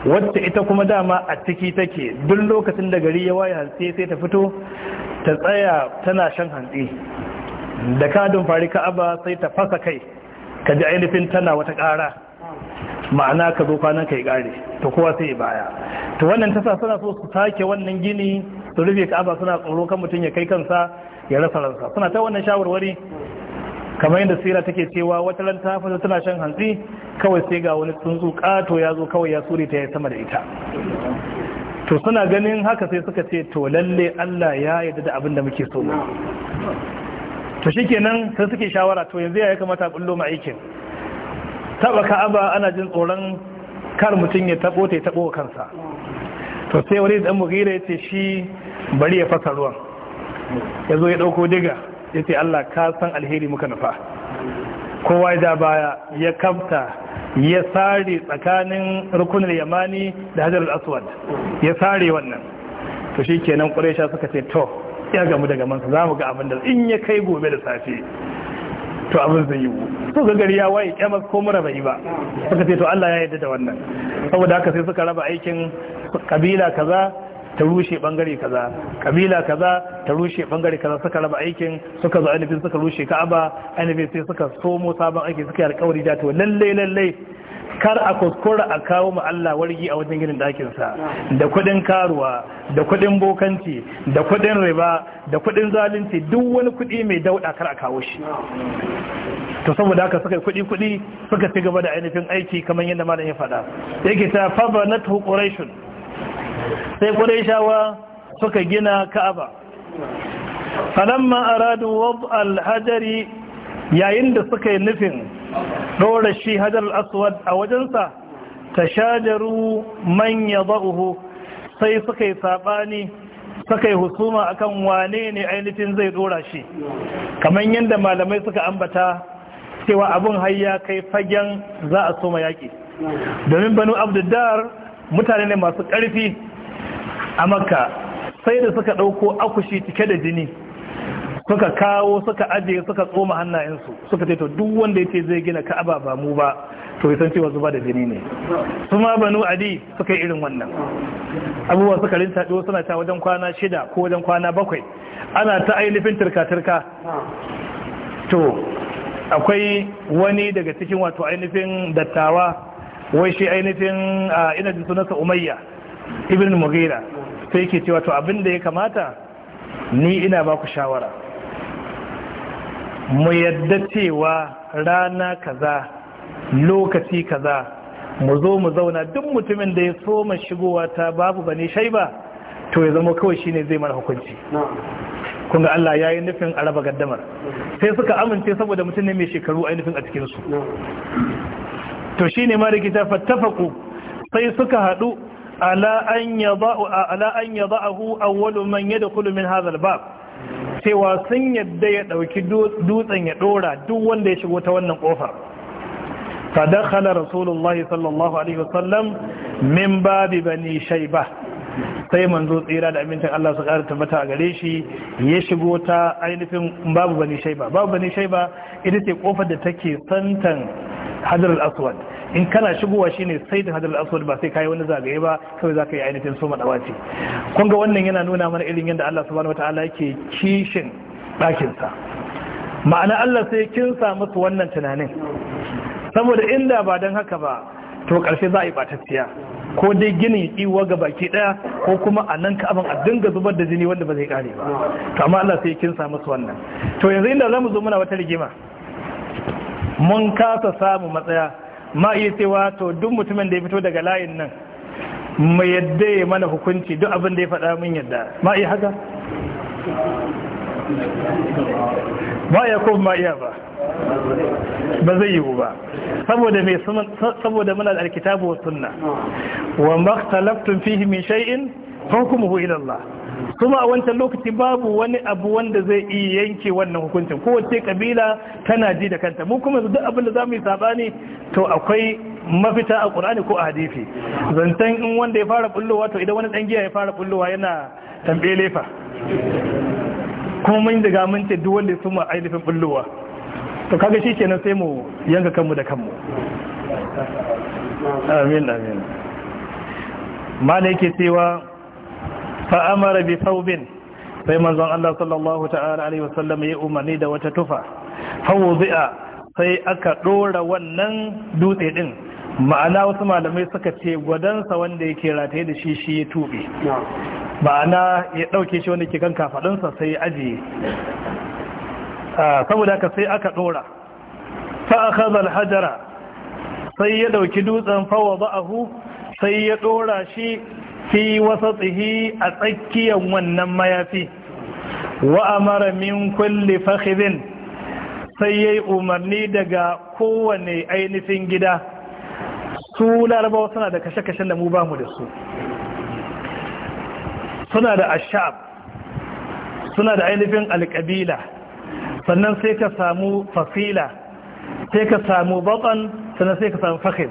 wacce ita kuma dama a ciki take duk lokacin da gari ya waye hantsi sai ta fito ta tsaya tana shan hantsi da kadin fari ka'aba sai ta fasa kai ka ji ainihin tana wata ƙara ma'ana ka zo kwanan ka yi ƙare to kowa sai ya baya to wannan tasa suna so su sake wannan gini su rufe ka'aba suna tsoro kan mutum ya kai kansa ya rasa ransa suna ta wannan shawarwari kamar yadda sira take cewa wata ran ta fasa tana shan hantsi kawai sai ga wani tsuntsu kato ya zo kawai ya sure ta ya sama da ita to suna ganin haka sai suka ce to lalle Allah ya yarda da abin da muke so to shikenan sai suke shawara to yanzu ya kamata a bullo mu aikin taba ka'aba ana jin tsoron kar mutum ya tabo ta tabo kansa to sai wani dan mugira yace shi bari ya fasa ruwan yazo ya ɗauko diga ya ce Allah ka san alheri muka nufa kowa da baya ya kamta ya sare tsakanin rukunin yamani da hajar aswad ya sare wannan to shi kenan ƙuresha suka ce to ya gamu daga mansa za mu ga abin da in ya kai gobe da safe to abin zai yiwu su ga gari ya wai kyamar ko mura bai ba suka ce to Allah ya yarda da wannan saboda haka sai suka raba aikin kabila kaza ta rushe bangare kaza kabila kaza ta rushe bangare kaza suka raba aikin suka zo ainihin suka rushe ka'aba ainihin sai suka somo sabon aiki suka yi alkawari da to lalle lalle kar a kuskura a kawo mu Allah wargi a wajen ginin dakinsa da kudin karuwa da kudin bokanci da kudin riba da kudin zalunci duk wani kudi mai dauda kar a kawo shi to saboda haka suka yi kudi kudi suka ci gaba da ainihin aiki kamar yadda malam ya faɗa yake ta fabanatu quraishun sai shawa suka gina ka'aba falamma aradun wab alhajari yayin da suka yi nufin ɗora shi hajar aswad a wajensa ta shajaru manya ba'uhu sai suka yi saɓani suka yi husuma akan wane ne ainihin zai ɗora shi kamar yadda malamai suka ambata cewa abin hayya kai fagen za a soma yaƙi domin banu abdullar mutane ne masu ƙarfi a makka sai da suka ɗauko akushi cike da jini suka kawo suka ajiye suka tsoma hannayensu suka ce to duk wanda ya ce zai gina ka ba mu ba to ya san cewa zuba da jini ne su ma banu adi suka yi irin wannan abubuwa suka rinta ɗo suna ta wajen kwana shida ko wajen kwana bakwai ana ta ainihin turka-turka to akwai wani daga cikin wato ainihin dattawa wai shi ainihin a ina jin sunansa umayya ibn mughira sai ke cewa to abin da ya kamata ni ina ba ku shawara mu yadda cewa rana kaza lokaci kaza mu zo mu zauna duk mutumin da ya so soma shigowa ta babu bane shai ba to ya zama kawai shine zai mara hukunci kunga Allah ya yi nufin a raba gaddamar sai suka amince saboda mutum ne mai shekaru ainihin a cikinsu to shine ma ta fattafaqu sai suka haɗu ala an yada'u za a yada'ahu awwalu man yadkhulu min hadha al cewa sun yadda ya ɗauki dutsen ya ɗora duk wanda ya shigo ta wannan kofar fadakhala rasulullahi sallallahu alaihi wasallam min babi bani shayba sai manzo tsira da amincin Allah su ƙara tabbata a gare shi ya shigo ta ainihin babu bani shaiba babu bani shaiba ita ce kofar da take santan hadar aswad in kana shigowa shi ne sai da hadar aswad ba sai kayi wani zagaye ba kawai za ka yi ainihin soma dawaci kun ga wannan yana nuna mana irin yadda Allah wata ala yake kishin ɗakinsa. ma'ana Allah sai kin sa musu wannan tunanin saboda inda ba don haka ba to karshe za a yi batattiya, ko dai gini, iwa ga baki daya ko kuma a nan ka'aban a dinga zubar da jini wanda ba zai kare ba to amma Allah sai kin sa musu wannan to yanzu inda za mu zo muna wata rigima mun kasa samu matsaya ma iya cewa to duk mutumin da ya fito daga layin nan mu yadda ya mana hukunci duk abin da ya faɗa mun yadda ma iya haka ba ya kuma ma iya ba ba zai yiwu ba saboda mai saboda muna da alkitabu wa sunna wa makhtalaftun fihi min shay'in hukmuhu ila Allah kuma a wancan lokaci babu wani abu wanda zai iya yanke wannan hukuncin kowace kabila tana ji da kanta mu kuma duk abin da zamu yi sabani to akwai mafita a Qur'ani ko a hadisi zantan in wanda ya fara bullowa to idan wani dan giya ya fara bullowa yana tambaye lefa, kuma mun daga mun ce duk wanda ya suma ainihin bullowa to kaga shi kenan sai mu yanka kanmu da kanmu amin amin mala yake cewa fa amara bi thawbin sai manzon Allah sallallahu ta'ala alaihi wasallam ya umarni da wata tufa fa wudi'a sai aka ɗora wannan dutse din ma'ana wasu malamai suka ce gwadansa wanda ya yake rataye da shi shi ya tube ma'ana ya dauke shi wani ke kan kafadansa sai ya ajiye saboda ka sai aka ɗora fa akhadha al sai ya ɗauki dutsen fa wada'ahu sai ya ɗora shi fi tsihi a tsakiyar wannan mayafi wa min kulli fakhidin sai yayi umarni daga kowane ainihin gida su larabawa suna da kashe-kashen da mu ba mu da su suna da ashab suna da ainihin alkabila sannan sai ka samu fasila sai ka samu baƙon sannan sai ka samu fakhid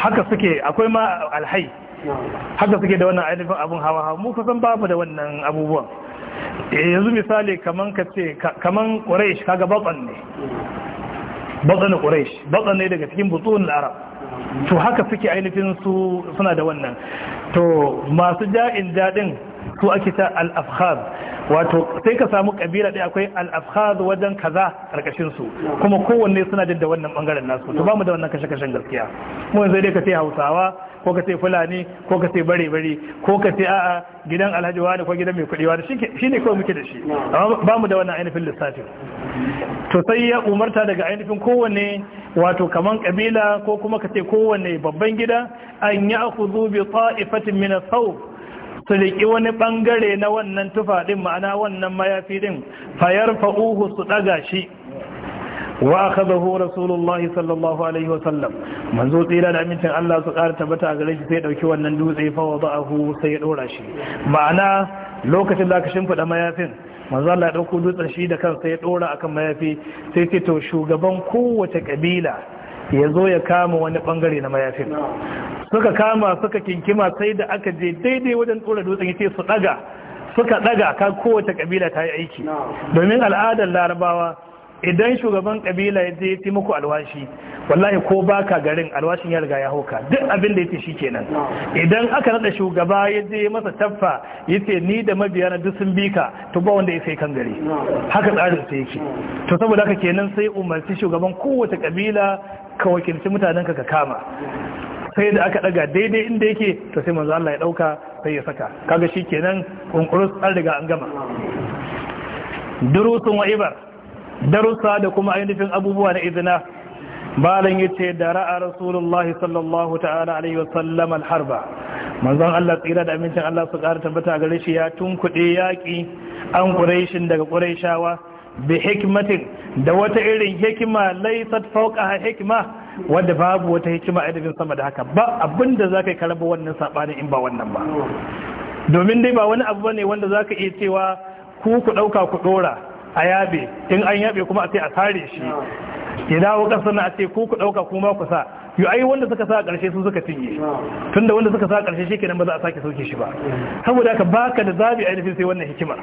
haka suke akwai ma alhai haka suke da wannan ainihin abin hawa hawa mu kusan babu da wannan abubuwan eh, yanzu misali kaman ka ce kaman shi kaga batsan ne ƙwarai shi batsan ne daga cikin butun arab to haka suke ainihin su suna da wannan to masu ja'in daɗin. su ake ta al afkhad wato sai ka samu kabila dai akwai al afkhad wajen kaza karkashin su kuma kowanne suna da wannan bangaren nasu to bamu da wannan kashe-kashen gaskiya mu yanzu dai ka ce Hausawa ko ka ce Fulani ko ka ce bare-bare ko ka ce a'a gidan Alhaji wani ko gidan mai kudi wani shine kawai muke da shi amma bamu da wannan ainihin lissafin to sai ya umarta daga ainihin kowanne wato kaman kabila ko kuma ka ce kowanne babban gida an ya'khudhu bi ta'ifatin min as sawf su riƙi wani ɓangare na wannan tufa ɗin ma'ana wannan mayafi ɗin fayar fa'uhu su ɗaga shi wa aka zaho rasulullahi sallallahu alaihi wasallam manzo tsira da amincin Allah su ƙara tabbata a gare shi sai ɗauki wannan dutse fawa wa ba'ahu sai ya ɗora shi ma'ana lokacin da aka shimfiɗa mayafin manzo Allah ya ɗauko dutsen shi da kansa ya ɗora akan mayafi sai to shugaban kowace ƙabila ya zo ya kama wani bangare na mayafin suka kama suka kinkima sai da aka je daidai wajen tsora dutsen ya ce su daga suka daga kan kowace kabila ta yi aiki domin al'adar larabawa idan shugaban kabila ya je ya muku alwashi wallahi ko baka garin alwashin ya riga ya hauka duk abin da ya ce shi kenan idan aka nada shugaba ya je masa taffa ya ce ni da mabiya na duk sun bi to ba wanda ya sai kan gari haka tsarin sai yake to saboda haka kenan sai umarci shugaban kowace kabila ka wakilci mutanenka ka kama sai da aka daga daidai inda yake to sai manzo Allah ya dauka sai ya saka kaga shikenan kunkurus an riga an gama durusun wa ibar darussa da kuma ainihin abubuwa na izina ya yace da ra'a rasulullah sallallahu ta'ala alaihi wa sallam al-harba manzon Allah tsira da amincin Allah su ƙara tabbata gare shi ya tunkuɗe yaƙi an quraishin daga quraishawa bi hikmatin da wata irin hikima laisat fawqa hikma wanda babu wata hikima adabin sama da haka ba abinda zaka karba wannan sabanin in ba wannan ba domin dai ba wani abu bane wanda zaka iya cewa ku ku dauka ku dora a yabe in an yabe kuma a sai a sare shi ke dawo kasar na a ce ku ku dauka kuma ku sa yi ai wanda suka sa karshe sun suka cinye tunda wanda suka sa karshe shi kenan ba za a sake sauke shi ba saboda haka baka da zabi ainihin sai wannan hikima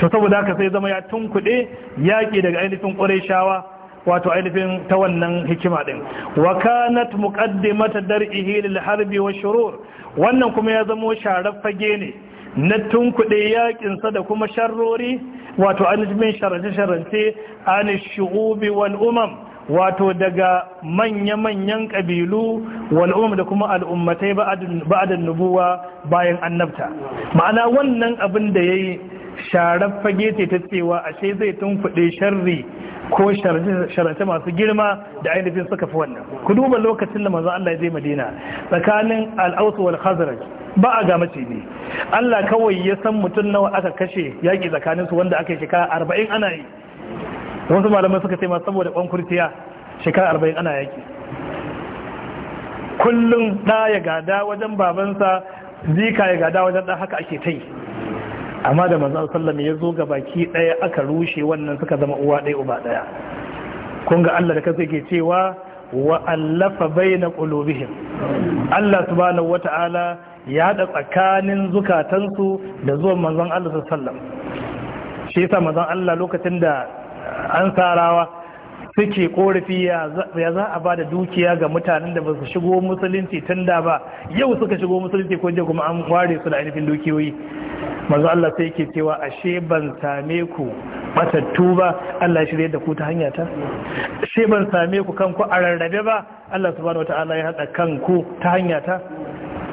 to saboda haka sai zama ya tunkuɗe yaƙi daga ainihin shawa wato ainihin ta wannan hikima ɗin wa kanat muqaddimata dar'ihi lil harbi wa shurur wannan kuma ya zamo sharar fage ne na tunkuɗe yaƙinsa da kuma sharrori wato ainihin sharance-sharance an shu'ubi wal umam wato daga manya-manyan ƙabilu wal'umma da kuma al'ummatai ba'adan nubuwa bayan annabta ma'ana wannan abin da ya sharar fage ce ta cewa ashe zai tunfuɗe sharri ko sharace masu girma da ainihin suka fi wannan ku duba lokacin da manzo Allah ya je Madina tsakanin al-Aws wal Khazraj ba a ga ne Allah kawai ya san mutum nawa aka kashe yaki tsakanin su wanda aka shekara 40 ana yi wasu malamai suka ce ma saboda bankurtiya shekara 40 ana yaki kullum da ya gada wajen babansa zika ya gada wajen da haka ake ta yi amma da manzo sallam ya zo ga baki ɗaya aka rushe wannan suka zama uwa daya uba daya kun ga Allah da kansa yake cewa wa allafa bayna qulubihim Allah subhanahu wata'ala ya da tsakanin zukatansu da zuwan manzon Allah sallam shi yasa Allah lokacin da an sarawa suke korafi ya za a ba da dukiya ga mutanen da ba su shigo musulunci tun da ba yau suka shigo musulunci ko kuma an ware su da ainihin dukiyoyi manzo Allah sai yake cewa ashe ban same ku matattu ba Allah ya shirye da ku ta hanya ta ashe ban same ku kanku a rarrabe ba Allah subhanahu wataala ya hada kanku ta hanya ta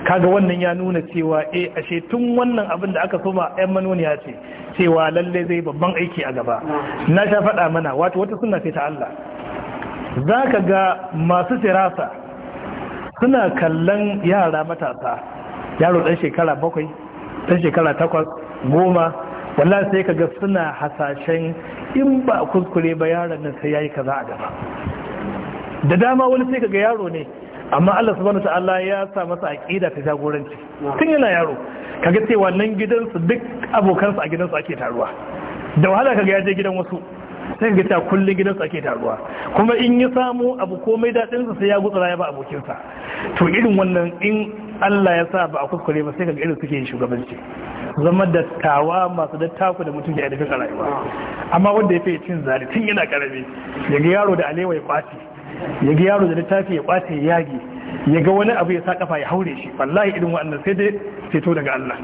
kaga wannan ya nuna cewa eh ashe tun wannan abin da aka soma 'yan manoniya ce cewa lalle zai babban aiki a gaba na sha faɗa mana wato wata suna ce ta Allah Zaka ga masu sirasa suna kallon yara matasa yaro ɗan shekara bakwai ta shekara takwas goma wallah sai ka ga suna hasashen in ba kuskure ba yaron nan sai yayi kaza a gaba da dama wani sai ka ga yaro ne amma Allah subhanahu ta'ala ya sa masa aqida ta jagoranci tun yana yaro kaga cewa nan gidansu duk abokansu a gidansu ake taruwa da wahala kaga ya je gidan wasu sai ga ta kullun gidansu ake taruwa kuma in ya samu abu komai dadin sa sai ya gutsura ya ba abokinsa to irin wannan in Allah ya sa ba a kuskure ba sai ka irin suke yin shugabanci zama dattawa masu dattaku da mutum da ainihin rayuwa amma wanda ya fi cin zari tun yana karami ya ga yaro da alewa ya kwace ya ga yaro da littafi ya kwace ya yage ya ga wani abu ya sa kafa ya haure shi wallahi irin wannan sai dai ceto daga Allah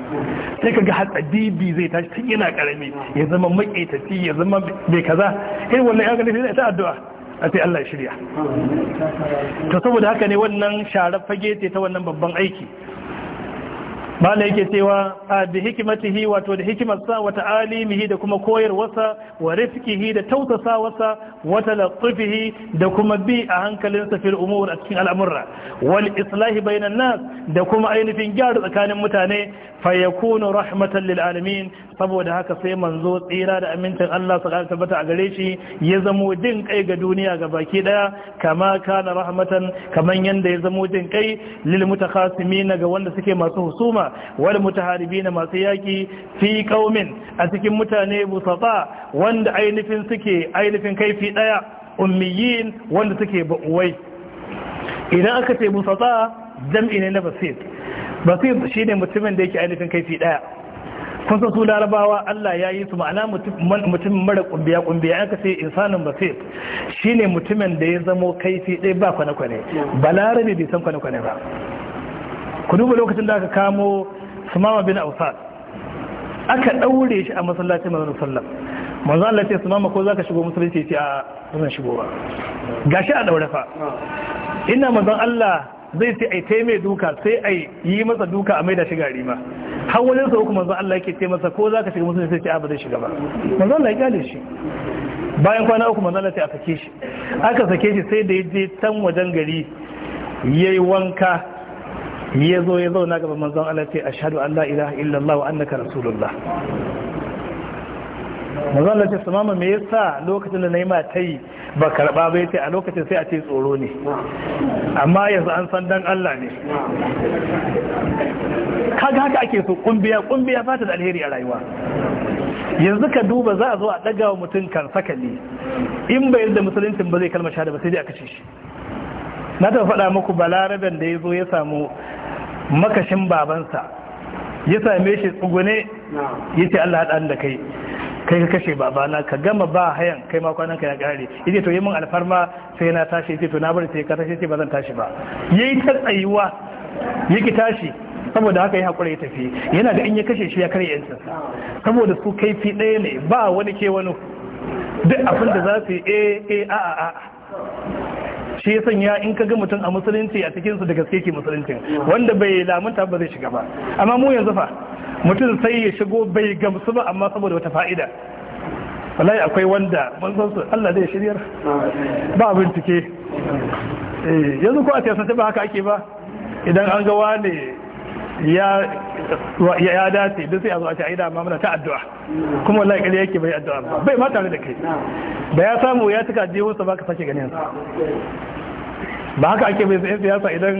sai kaga har hatsadibi zai tashi tun yana karami ya zama makaitaci ya zama bai kaza irin wannan ya ga ne sai ta addu'a a sai Allah shirya to saboda haka ne wannan sharar fage ce ta wannan babban aiki mala yake cewa bi hikimatihi wato da hikimarsa wata alimihi da kuma koyarwarsa wa rifqihi da wasa wata talaqqihi da kuma bi a hankalinsa fil umur a cikin al'amurra wal islahi bainan nas da kuma ainihin gyara tsakanin mutane fa yakunu rahmatan lil alamin saboda haka sai manzo tsira da amincin Allah su tabbata a gare shi ya zamo jin kai ga duniya ga baki ɗaya, kama kana rahmatan kaman yanda ya zamo jin kai lil mutakhasimin ga wanda suke masu husuma wal mutaharibin masu yaki fi qaumin a cikin mutane busata wanda ainifin suke ainihin kaifi daya ummiyin wanda suke ba'uwai idan aka ce busata jam'i ne na basit basit shine mutumin da yake ainihin kaifi ɗaya. kun san su larabawa Allah ya yi su ma'ana mutumin mara kumbiya kumbiya aka ce insanin Shi shine mutumin da ya zamo kaifi ɗaya ba kwane-kwane ba larabe bai san kwane-kwane ba ku duba lokacin da aka kamo sumama bin ausa. aka ɗaure shi a masallacin mazan sallam manzo Allah ce sumama ko zaka shigo musulunci ce a zan shigo ba gashi a ɗaure fa ina manzon Allah zai ce ai taimai duka sai ai yi masa duka a maida shi rima. har wani sau hukumar zan Allah yake ce masa ko ka shiga musulunci sai ce a ba zai shiga ba manzo Allah ya kyale shi bayan kwana uku manzo Allah sai a sake shi aka sake shi sai da ya je can wajen gari yayi wanka ya zo ya zauna gaban manzon Allah sai ashhadu an la ilaha illallah wa annaka rasulullah manzo Allah ce su mama me yasa lokacin da na yi matai ba karba ba yace a lokacin sai a ce tsoro ne amma yanzu an san dan Allah ne kaga haka ake so kumbiya kumbiya fata da alheri a rayuwa yanzu ka duba za a zo a daga wa mutum kan sakali in bai yadda musuluncin ba zai kalmar shahada ba sai dai aka ce shi na ta faɗa muku balaraben da ya zo ya samu makashin babansa ya same shi tsugune ya ce Allah haɗa da kai kai ka kashe babana ka gama ba hayan kai ma kwanan ka ya kare idan to yi min alfarma sai na tashi yace to na bari sai ka tashi yace ba zan tashi ba yayi ta tsayuwa yake tashi saboda haka ya hakura ya tafi yana da in ya kashe shi ya karya yansa saboda su kaifi ɗaya ne ba wani ke wani duk abin da za su yi a eh, eh, a a a shi ya sanya in ka ga mutum a musulunci a cikinsu da gaske ke musulunci wanda bai lamunta ba zai shiga ba amma mu yanzu fa mutum sai ya shigo bai gamsu ba amma saboda wata fa'ida walai akwai wanda manzon su Allah zai shiryar ba bincike eh, yanzu ko a siyasance ba haka ake ba idan an ga wane ya dace duk sai a zo a ce ai dama muna ta addu'a kuma wallahi kare yake bai addu'a ba bai ma tare da kai ba ya samu ya tuka jiho sa baka sake ganin sa ba haka ake bai sai siyasa idan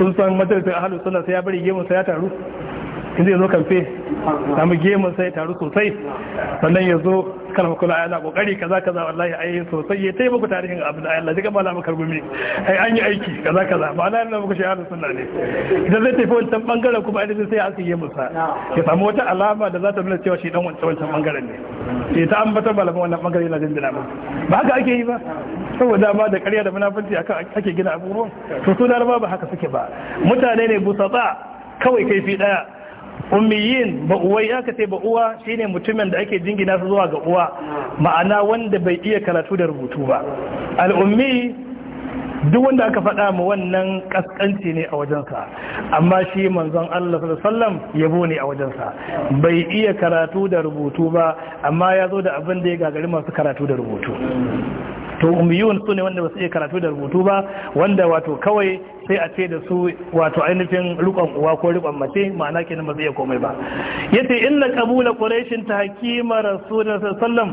sun san majalisar ahlus sunna sai ya bari gemu sai ya taru in zai zo kamfe samu gemun sai taru sosai sannan ya zo kan hukula yana kokari kaza kaza wallahi ai sosai ya taimaka tarihin abin da Allah daga malamin karbumi ai an yi aiki kaza kaza ba na nuna muku shahara sunna ne idan zai tafi wancan bangaren kuma ai sai aka yi musa ya samu wata alama da za ta nuna cewa shi dan wancan wancan bangaren ne sai ta ambata malamin wannan bangaren yana dindina ba ba haka ake yi ba saboda ba da ƙarya da munafunci akan ake gina abubuwan to su da ba haka suke ba mutane ne busatsa kawai kaifi daya ummiyin ba uwai aka ce ba uwa shine mutumin da ake jingina su zuwa ga uwa ma'ana wanda bai iya karatu da rubutu ba al'ummi duk wanda aka faɗa mu wannan kaskanci ne a wajensa amma shi manzon Allah sallam yabo ne a wajensa bai iya karatu da rubutu ba amma ya zo da abin da ya gagari masu karatu da rubutu to ummiyun su ne wanda ba su iya karatu da rubutu ba wanda wato kawai sai a ce da su wato ainihin rikon uwa ko rikon mace ma'ana kenan ba zai iya komai ba yace inna qabula quraishin ta hakima rasulullahi sallallahu alaihi wasallam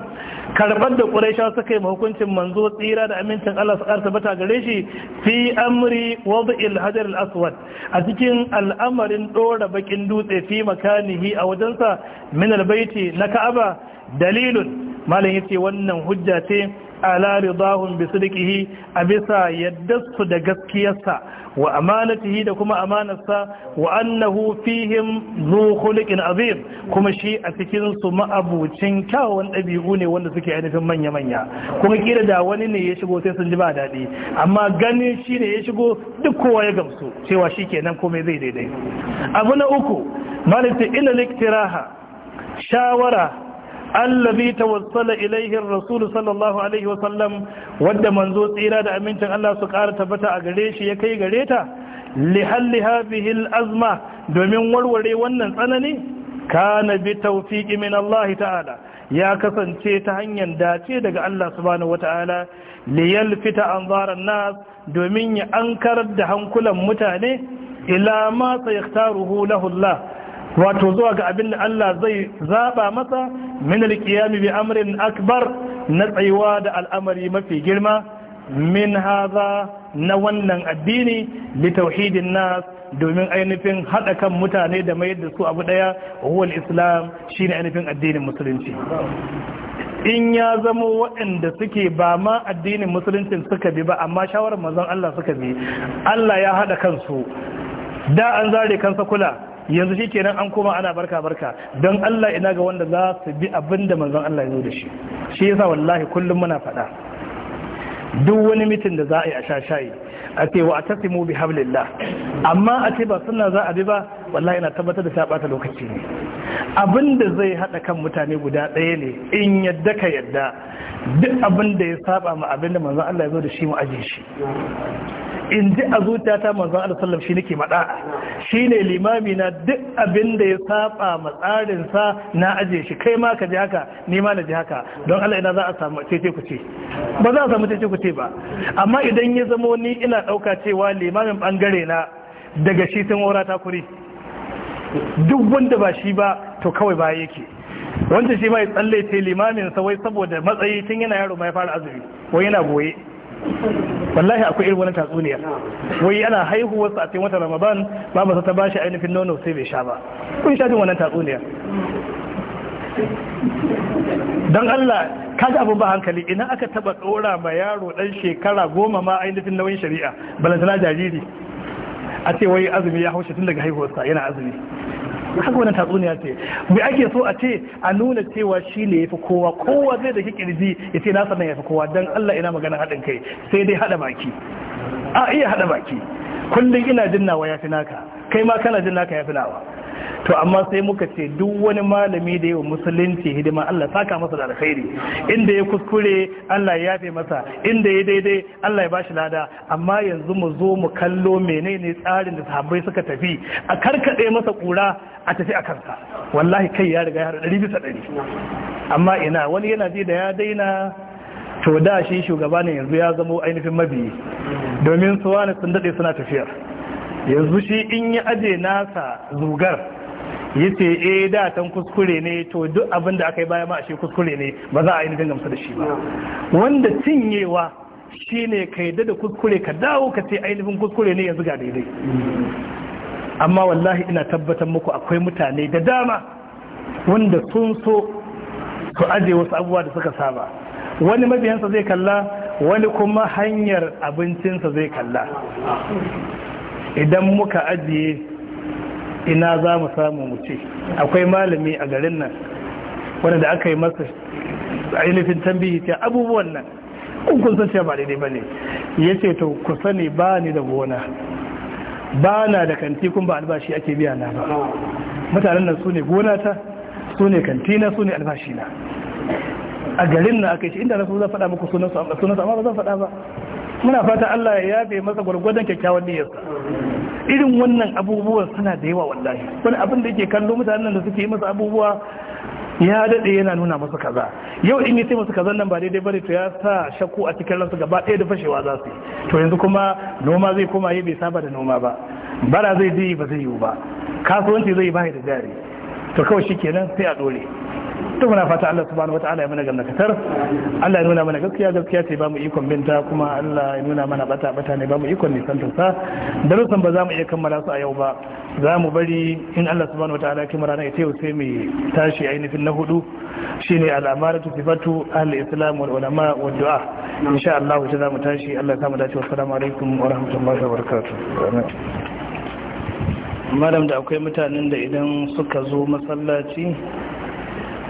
karbar da quraisha suka yi hukuncin manzo tsira da amincin Allah su karta bata gare shi fi amri wad'il hajar al-aswad a cikin al'amarin ɗora bakin dutse fi makanihi a wajensa min al na ka'aba dalilun malam yace wannan hujja ce ala ridahum bi sidqihi a bisa yaddasu da gaskiyarsa wa amanatihi da kuma amanarsa wa annahu fihim zu azim kuma shi a cikin su ma'abucin kyawun dabi'u ne wanda suke ainihin manya manya kuma kira da wani ne ya shigo sai sun ji ba daɗi, amma ganin shi ne ya shigo duk kowa ya gamsu cewa shi kenan komai zai daidai abu na uku malaka ila liktiraha shawara allazi tawassala ilaihi rasul sallallahu alaihi wa sallam wanda manzo tsira da amincin Allah su ƙara tabbata a gare shi ya kai gare ta
li halli
hadhihi azma domin warware wannan tsanani kana bi tawfiqi min Allah ta'ala ya kasance ta hanyar dace daga Allah subhanahu wata'ala liyal fita an nas domin ya ankarar da hankulan mutane ila ma sayaktaruhu Allah wato zuwa ga abin da Allah zai zaba masa min alqiyami bi amrin akbar na tsayuwa da al'amari mafi girma min haza na wannan addini bi tauhidin nas domin ainihin haɗa kan mutane da mai da su abu ɗaya huwal islam shine ainihin addinin musulunci in ya zama waɗanda suke ba ma addinin musulunci suka bi ba amma shawarar manzon Allah suka bi Allah ya haɗa kansu da an zare kansa kula yanzu shi kenan an koma ana barka barka don Allah ina ga wanda za su bi abin da manzon Allah ya da shi shi yasa wallahi kullum muna faɗa duk wani mitin da za a yi a sha shayi a ce wa atasimu bi hablillah amma a ce ba suna za a bi ba wallahi ina tabbatar da ta bata lokaci ne abin da zai haɗa kan mutane guda ɗaya ne in yadda ka yadda duk abin da ya saba ma abin da manzan Allah ya zo da shi mu aje shi in ji a zuciyata manzan Allah sallam shi nake maɗa shi ne limami na duk abin da ya saba ma tsarinsa na aje shi kai ma ka ji haka ni ma na ji haka don Allah ina za a samu cece ku ce ba za a samu cece ku ce ba amma idan ya zamo ni ina ɗauka cewa limamin ɓangare na daga shi sun wura kuri duk wanda ba shi ba to kawai baya yake wanda shi mai tsalle ce limamin sa saboda matsayi tun yana yaro mai fara azumi ko yana goye wallahi akwai irin wani tatsuniya wai yana haihuwar sa a cikin watan ramadan ba masa ta bashi ainihin nono sai bai sha ba kun sha jin wannan tatsuniya don Allah ka ga abin ba hankali idan aka taba dora ma yaro dan shekara goma ma ainihin nauyin shari'a balantana jariri a ce wai azumi ya haushe tun daga haihuwarsa yana azumi haka wannan tatsuniya ce mai ake so a ce a nuna cewa shi ne yafi kowa kowa zai da kirji ya ce nasa nan yafi kowa don Allah ina magana haɗin kai sai dai haɗa baki a iya haɗa baki kullum ina jin nawa yafi naka kai ma kana jin naka yafi nawa to amma sai muka ce duk wani malami da yawa musulunci hidima Allah saka masa da alkhairi inda ya kuskure Allah ya yafe masa inda ya daidai Allah ya bashi lada amma yanzu mu zo mu kallo menene tsarin da sahabbai suka tafi a karkade masa kura a tafi a kansa wallahi kai ya riga ya hada ɗari bisa ɗari amma ina wani yana ji da ya daina to da shi shugaba ne yanzu ya zama ainihin mabiyi domin suwa ne sun daɗe suna tafiyar yanzu shi in ya aje nasa zugar yace eh da tan kuskure ne to duk abin da aka yi baya ma ashe kuskure ne ba za a yi gamsu da shi ba wanda cinyewa shine ka yadda da kuskure ka dawo ka ce ainihin kuskure ne yanzu ga daidai amma wallahi ina tabbatar muku akwai mutane da dama wanda sun so su aje wasu abubuwa da suka saba wani mabiyansa zai kalla wani kuma hanyar abincinsa zai kalla idan muka ajiye ina za mu samu mu ce akwai malami a garin nan wanda da aka yi masa ainihin tambihi ta abubuwan nan kun san cewa ba daidai ba ne ya ce to ku sani ba ni da gona ba na da kanti kun ba albashi ake biya na ba mutanen nan su ne gonata su ne kantina su ne albashi na a garin na aka yi shi inda na su zan faɗa muku sunansu amma ba zan faɗa ba muna fata Allah ya yabe masa gwargwadon kyakkyawan niyyarsa irin wannan abubuwan suna da yawa wallahi wani abin da yake kallo mutanen da suke yi masa abubuwa ya dade yana nuna masa kaza yau in yace masa kaza nan ba daidai bane to ya sa shakku a cikin ransa gaba ɗaya da fashewa za su to yanzu kuma noma zai koma yi bai saba da noma ba bara zai je ba zai yi ba kasuwanci zai yi ba da jari to kawai shikenan sai a dole to muna fata Allah subhanahu ta'ala ya gamna katar Allah ya nuna mana gaskiya gaskiya ce ba mu ikon binta kuma Allah ya nuna mana bata bata ne ba mu ikon nisantar sa darussan ba za mu iya kammala su a yau ba za mu bari in Allah subhanahu wataala ya kuma rana ita yau sai mu tashi ainihin na hudu shine al'amaratu sifatu ahli islam wal ulama wal du'a insha Allah ta za mu tashi Allah ya samu dace assalamu alaikum wa rahmatullahi wa barakatuh malam da akwai mutanen da idan suka zo masallaci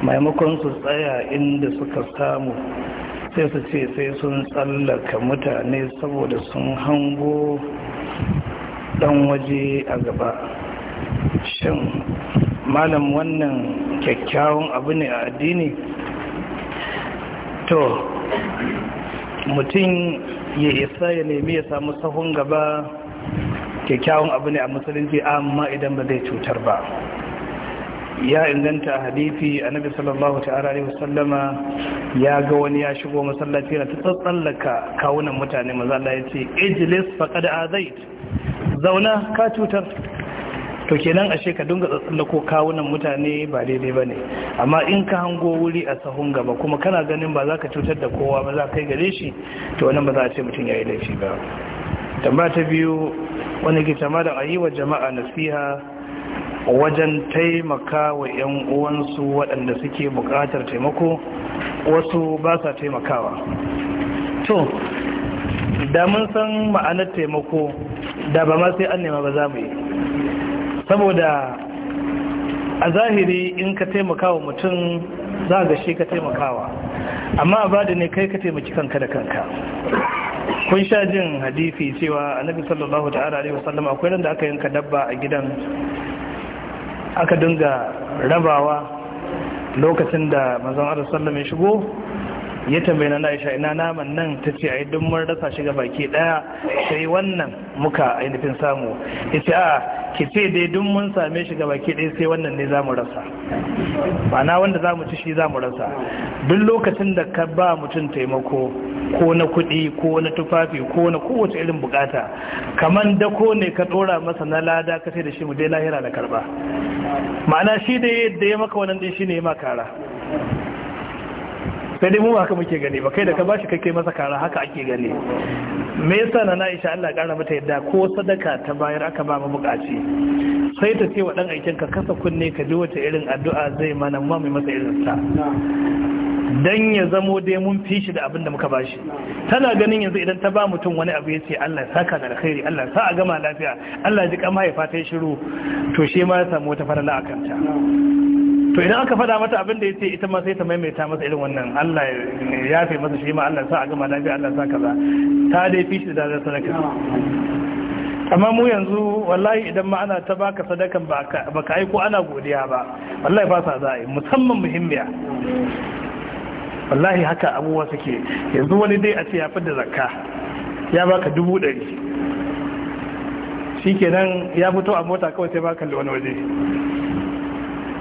maimakon su tsaya inda suka samu sai su ce sai sun tsallaka mutane saboda sun hango dan waje a gaba shin malam wannan kyakkyawan abu ne a addini to mutum ya isa ya nemi ya samu sahun gaba kyakkyawan abu ne a musulunci amma idan ba zai cutar ba ya inganta hadisi annabi sallallahu ta'ala alaihi wasallama ya ga wani ya shigo masallaci na ta tsallaka kawunan mutane maza Allah yace ijlis faqad azait zauna ka tutar. to kenan ashe ka dinga tsallako kawunan mutane ba daidai bane amma in ka hango wuri a sahun gaba kuma kana ganin ba za ka cutar da kowa ba za ka kai gare shi to wannan ba za a ce mutum yayi laifi ba tambaya ta biyu wani ke a ayi wa jama'a nasiha wajen taimaka wa 'yan uwansu waɗanda suke buƙatar taimako wasu ba sa taimakawa to da mun san ma'anar taimako da ba ma sai an nema ba za mu yi saboda a zahiri in ka taimakawa mutum za ga shi ka taimakawa amma ba da ne kai ka taimaki kanka da kanka kun sha jin hadifi cewa annabi sallallahu ta'ala alaihi wasallam akwai nan da aka yanka dabba a gidan aka dinga rabawa lokacin da mazan arasallam ya shigo ya tambaye na Aisha ina naman nan tace ai duk mun rasa shi ga baki daya sai wannan muka ainihin samu yace a ki ce dai duk mun same shi ga baki daya sai wannan ne zamu rasa na wanda zamu ci shi zamu rasa duk lokacin da ka ba mutum taimako ko na kuɗi ko na tufafi ko na kowace irin bukata kaman dako ne ka dora masa na lada ka sai da shi mu dai lahira da karba ma'ana shi da yadda ya maka wannan din shine ya makara sai dai mu haka muke gani ba kai da ka bashi kai masa kara haka ake gani me yasa na na insha Allah kara mata yadda ko sadaka ta bayar aka ba mu bukaci sai ta ce wa dan aikin ka kasa kunne ka ji wata irin addu'a zai mana mu mai masa irin ta dan ya zamo dai mun fi shi da abin da muka bashi tana ganin yanzu idan ta ba mutum wani abu ya ce Allah ya saka da alkhairi Allah sa a gama lafiya Allah ji kama haifa ta shiru to shi ma ya samu wata farala a kanta to idan aka fada mata abin da ya ita ma sai ta maimaita masa irin wannan Allah ya fi masa shi ma Allah sa a gama lafiya Allah sa kaza ta dai fi shi da sadaka amma mu yanzu wallahi idan ma ana ta baka sadakan baka aiko ana godiya ba wallahi ba za a musamman muhimmiya wallahi haka abubuwa suke yanzu wani dai a ce ya fidda zakka ya baka dubu ɗari shi kenan ya fito a mota kawai sai baka wani waje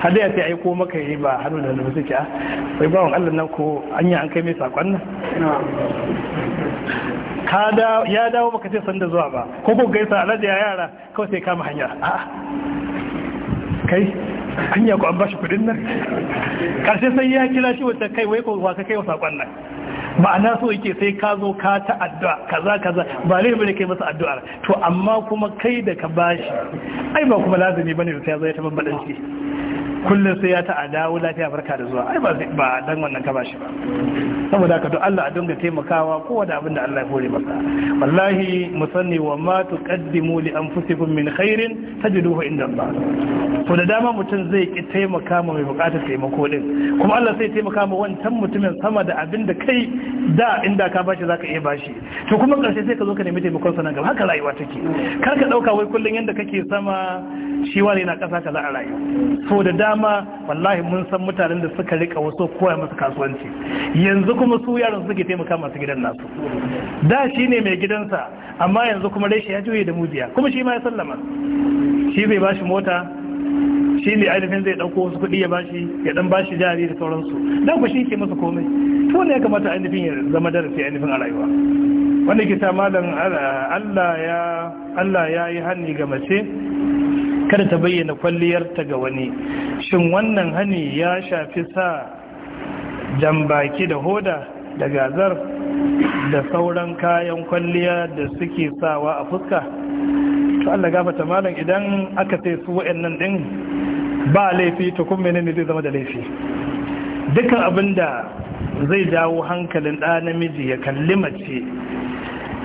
hadaya ta aiko maka yi ba hannu da hannu suke a ah, ba wa allah nan ko an yi an kai mai sakon nan ya dawo maka ce sanda zuwa ba ko ko gaisa alhaji ya yara kawai sai kama hanya a kai hanya ko an bashi kudin nan karshe sai ya kira shi wata kai wai ko wata kai wa sakon nan ma'ana so yake sai ka zo ka ta addu'a kaza kaza ba ne bane kai masa addu'ar to amma kuma kai da ka bashi ai ba kuma lazimi bane da sai ya zai ta shi kullum sai ya ta a dawo lafiya barka da zuwa ai ba ba dan wannan ka bashi ba saboda haka to Allah a dinga taimakawa kowa da abinda Allah ya hore masa wallahi musanni wa ma tuqaddimu li anfusikum min khairin tajiduhu inda Allah to da dama mutum zai ki taimaka ma mai bukatar taimako din kuma Allah sai taimaka ma wancan mutumin sama da abinda kai da inda ka bashi zaka iya bashi to kuma karshe sai ka zo ka nemi taimakon sa nan gaba haka rayuwa take kar ka dauka wai kullun yanda kake sama shi wani na kasa kaza a rayu so da dama wallahi mun san mutanen da suka rika wasu koya masu kasuwanci yanzu kuma su yaran suke taimaka masu gidan nasu da shi ne mai gidansa amma yanzu kuma rashi ya juye da mujiya kuma shi ma ya sallama shi bai bashi mota shi ne ainihin zai ɗauko wasu kuɗi ya bashi ya ɗan bashi jari da sauransu don ku shi ke masa komai to ne ya kamata ainihin ya zama darasi ainihin a rayuwa wanda ke malam Allah ya yi hanni ga mace Kada ta bayyana kwalliyarta ga wani shin wannan hani ya shafi sa jambaki da hoda da gazar da sauran kayan kwalliya da suke sawa a fuska to Allah gafata malam idan aka sai su wa'annan din ba laifi to kun menene zai zama da laifi dukan abinda zai dawo hankalin ɗa namiji ya kalli mace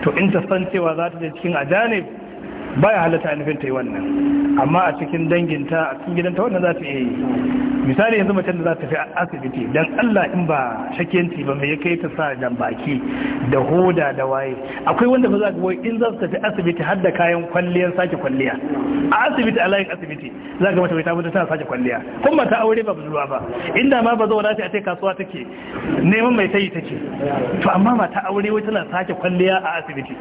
to in ta san cewa za ta je cikin ajanib baya halatta nufin ta yi wannan amma a cikin danginta a cikin gidanta wannan za ta yi misali yanzu macen da za ta fi asibiti don allah in ba shakenti ba mai ya kai ta sa jan baki da hoda da waye akwai wanda ba za ka in za su tafi asibiti har da kayan kwalliyar sake kwalliya a asibiti a layin asibiti za ka mata mai tabbata tana sake kwalliya kun ba ta aure ba budurwa ba inda ma ba zauna ta ce kasuwa take neman mai sayi take to amma mata aure wai tana sake kwalliya a asibiti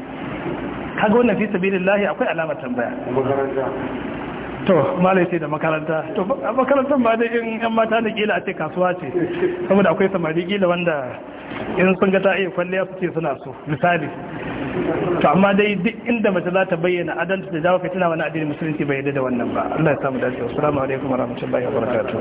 kaga wannan fi sabilillahi akwai alamar tambaya to malai ce da makaranta to makarantar ba dai in yan mata da kila a ce kasuwa ce saboda akwai samari kila wanda in sun ga ta iya kwalliya su ce suna so misali to amma dai duk inda mace za ta bayyana adalci da jawo fitina
wani addinin musulunci bai yadda da wannan ba Allah ya samu dace assalamu alaikum warahmatullahi wabarakatuh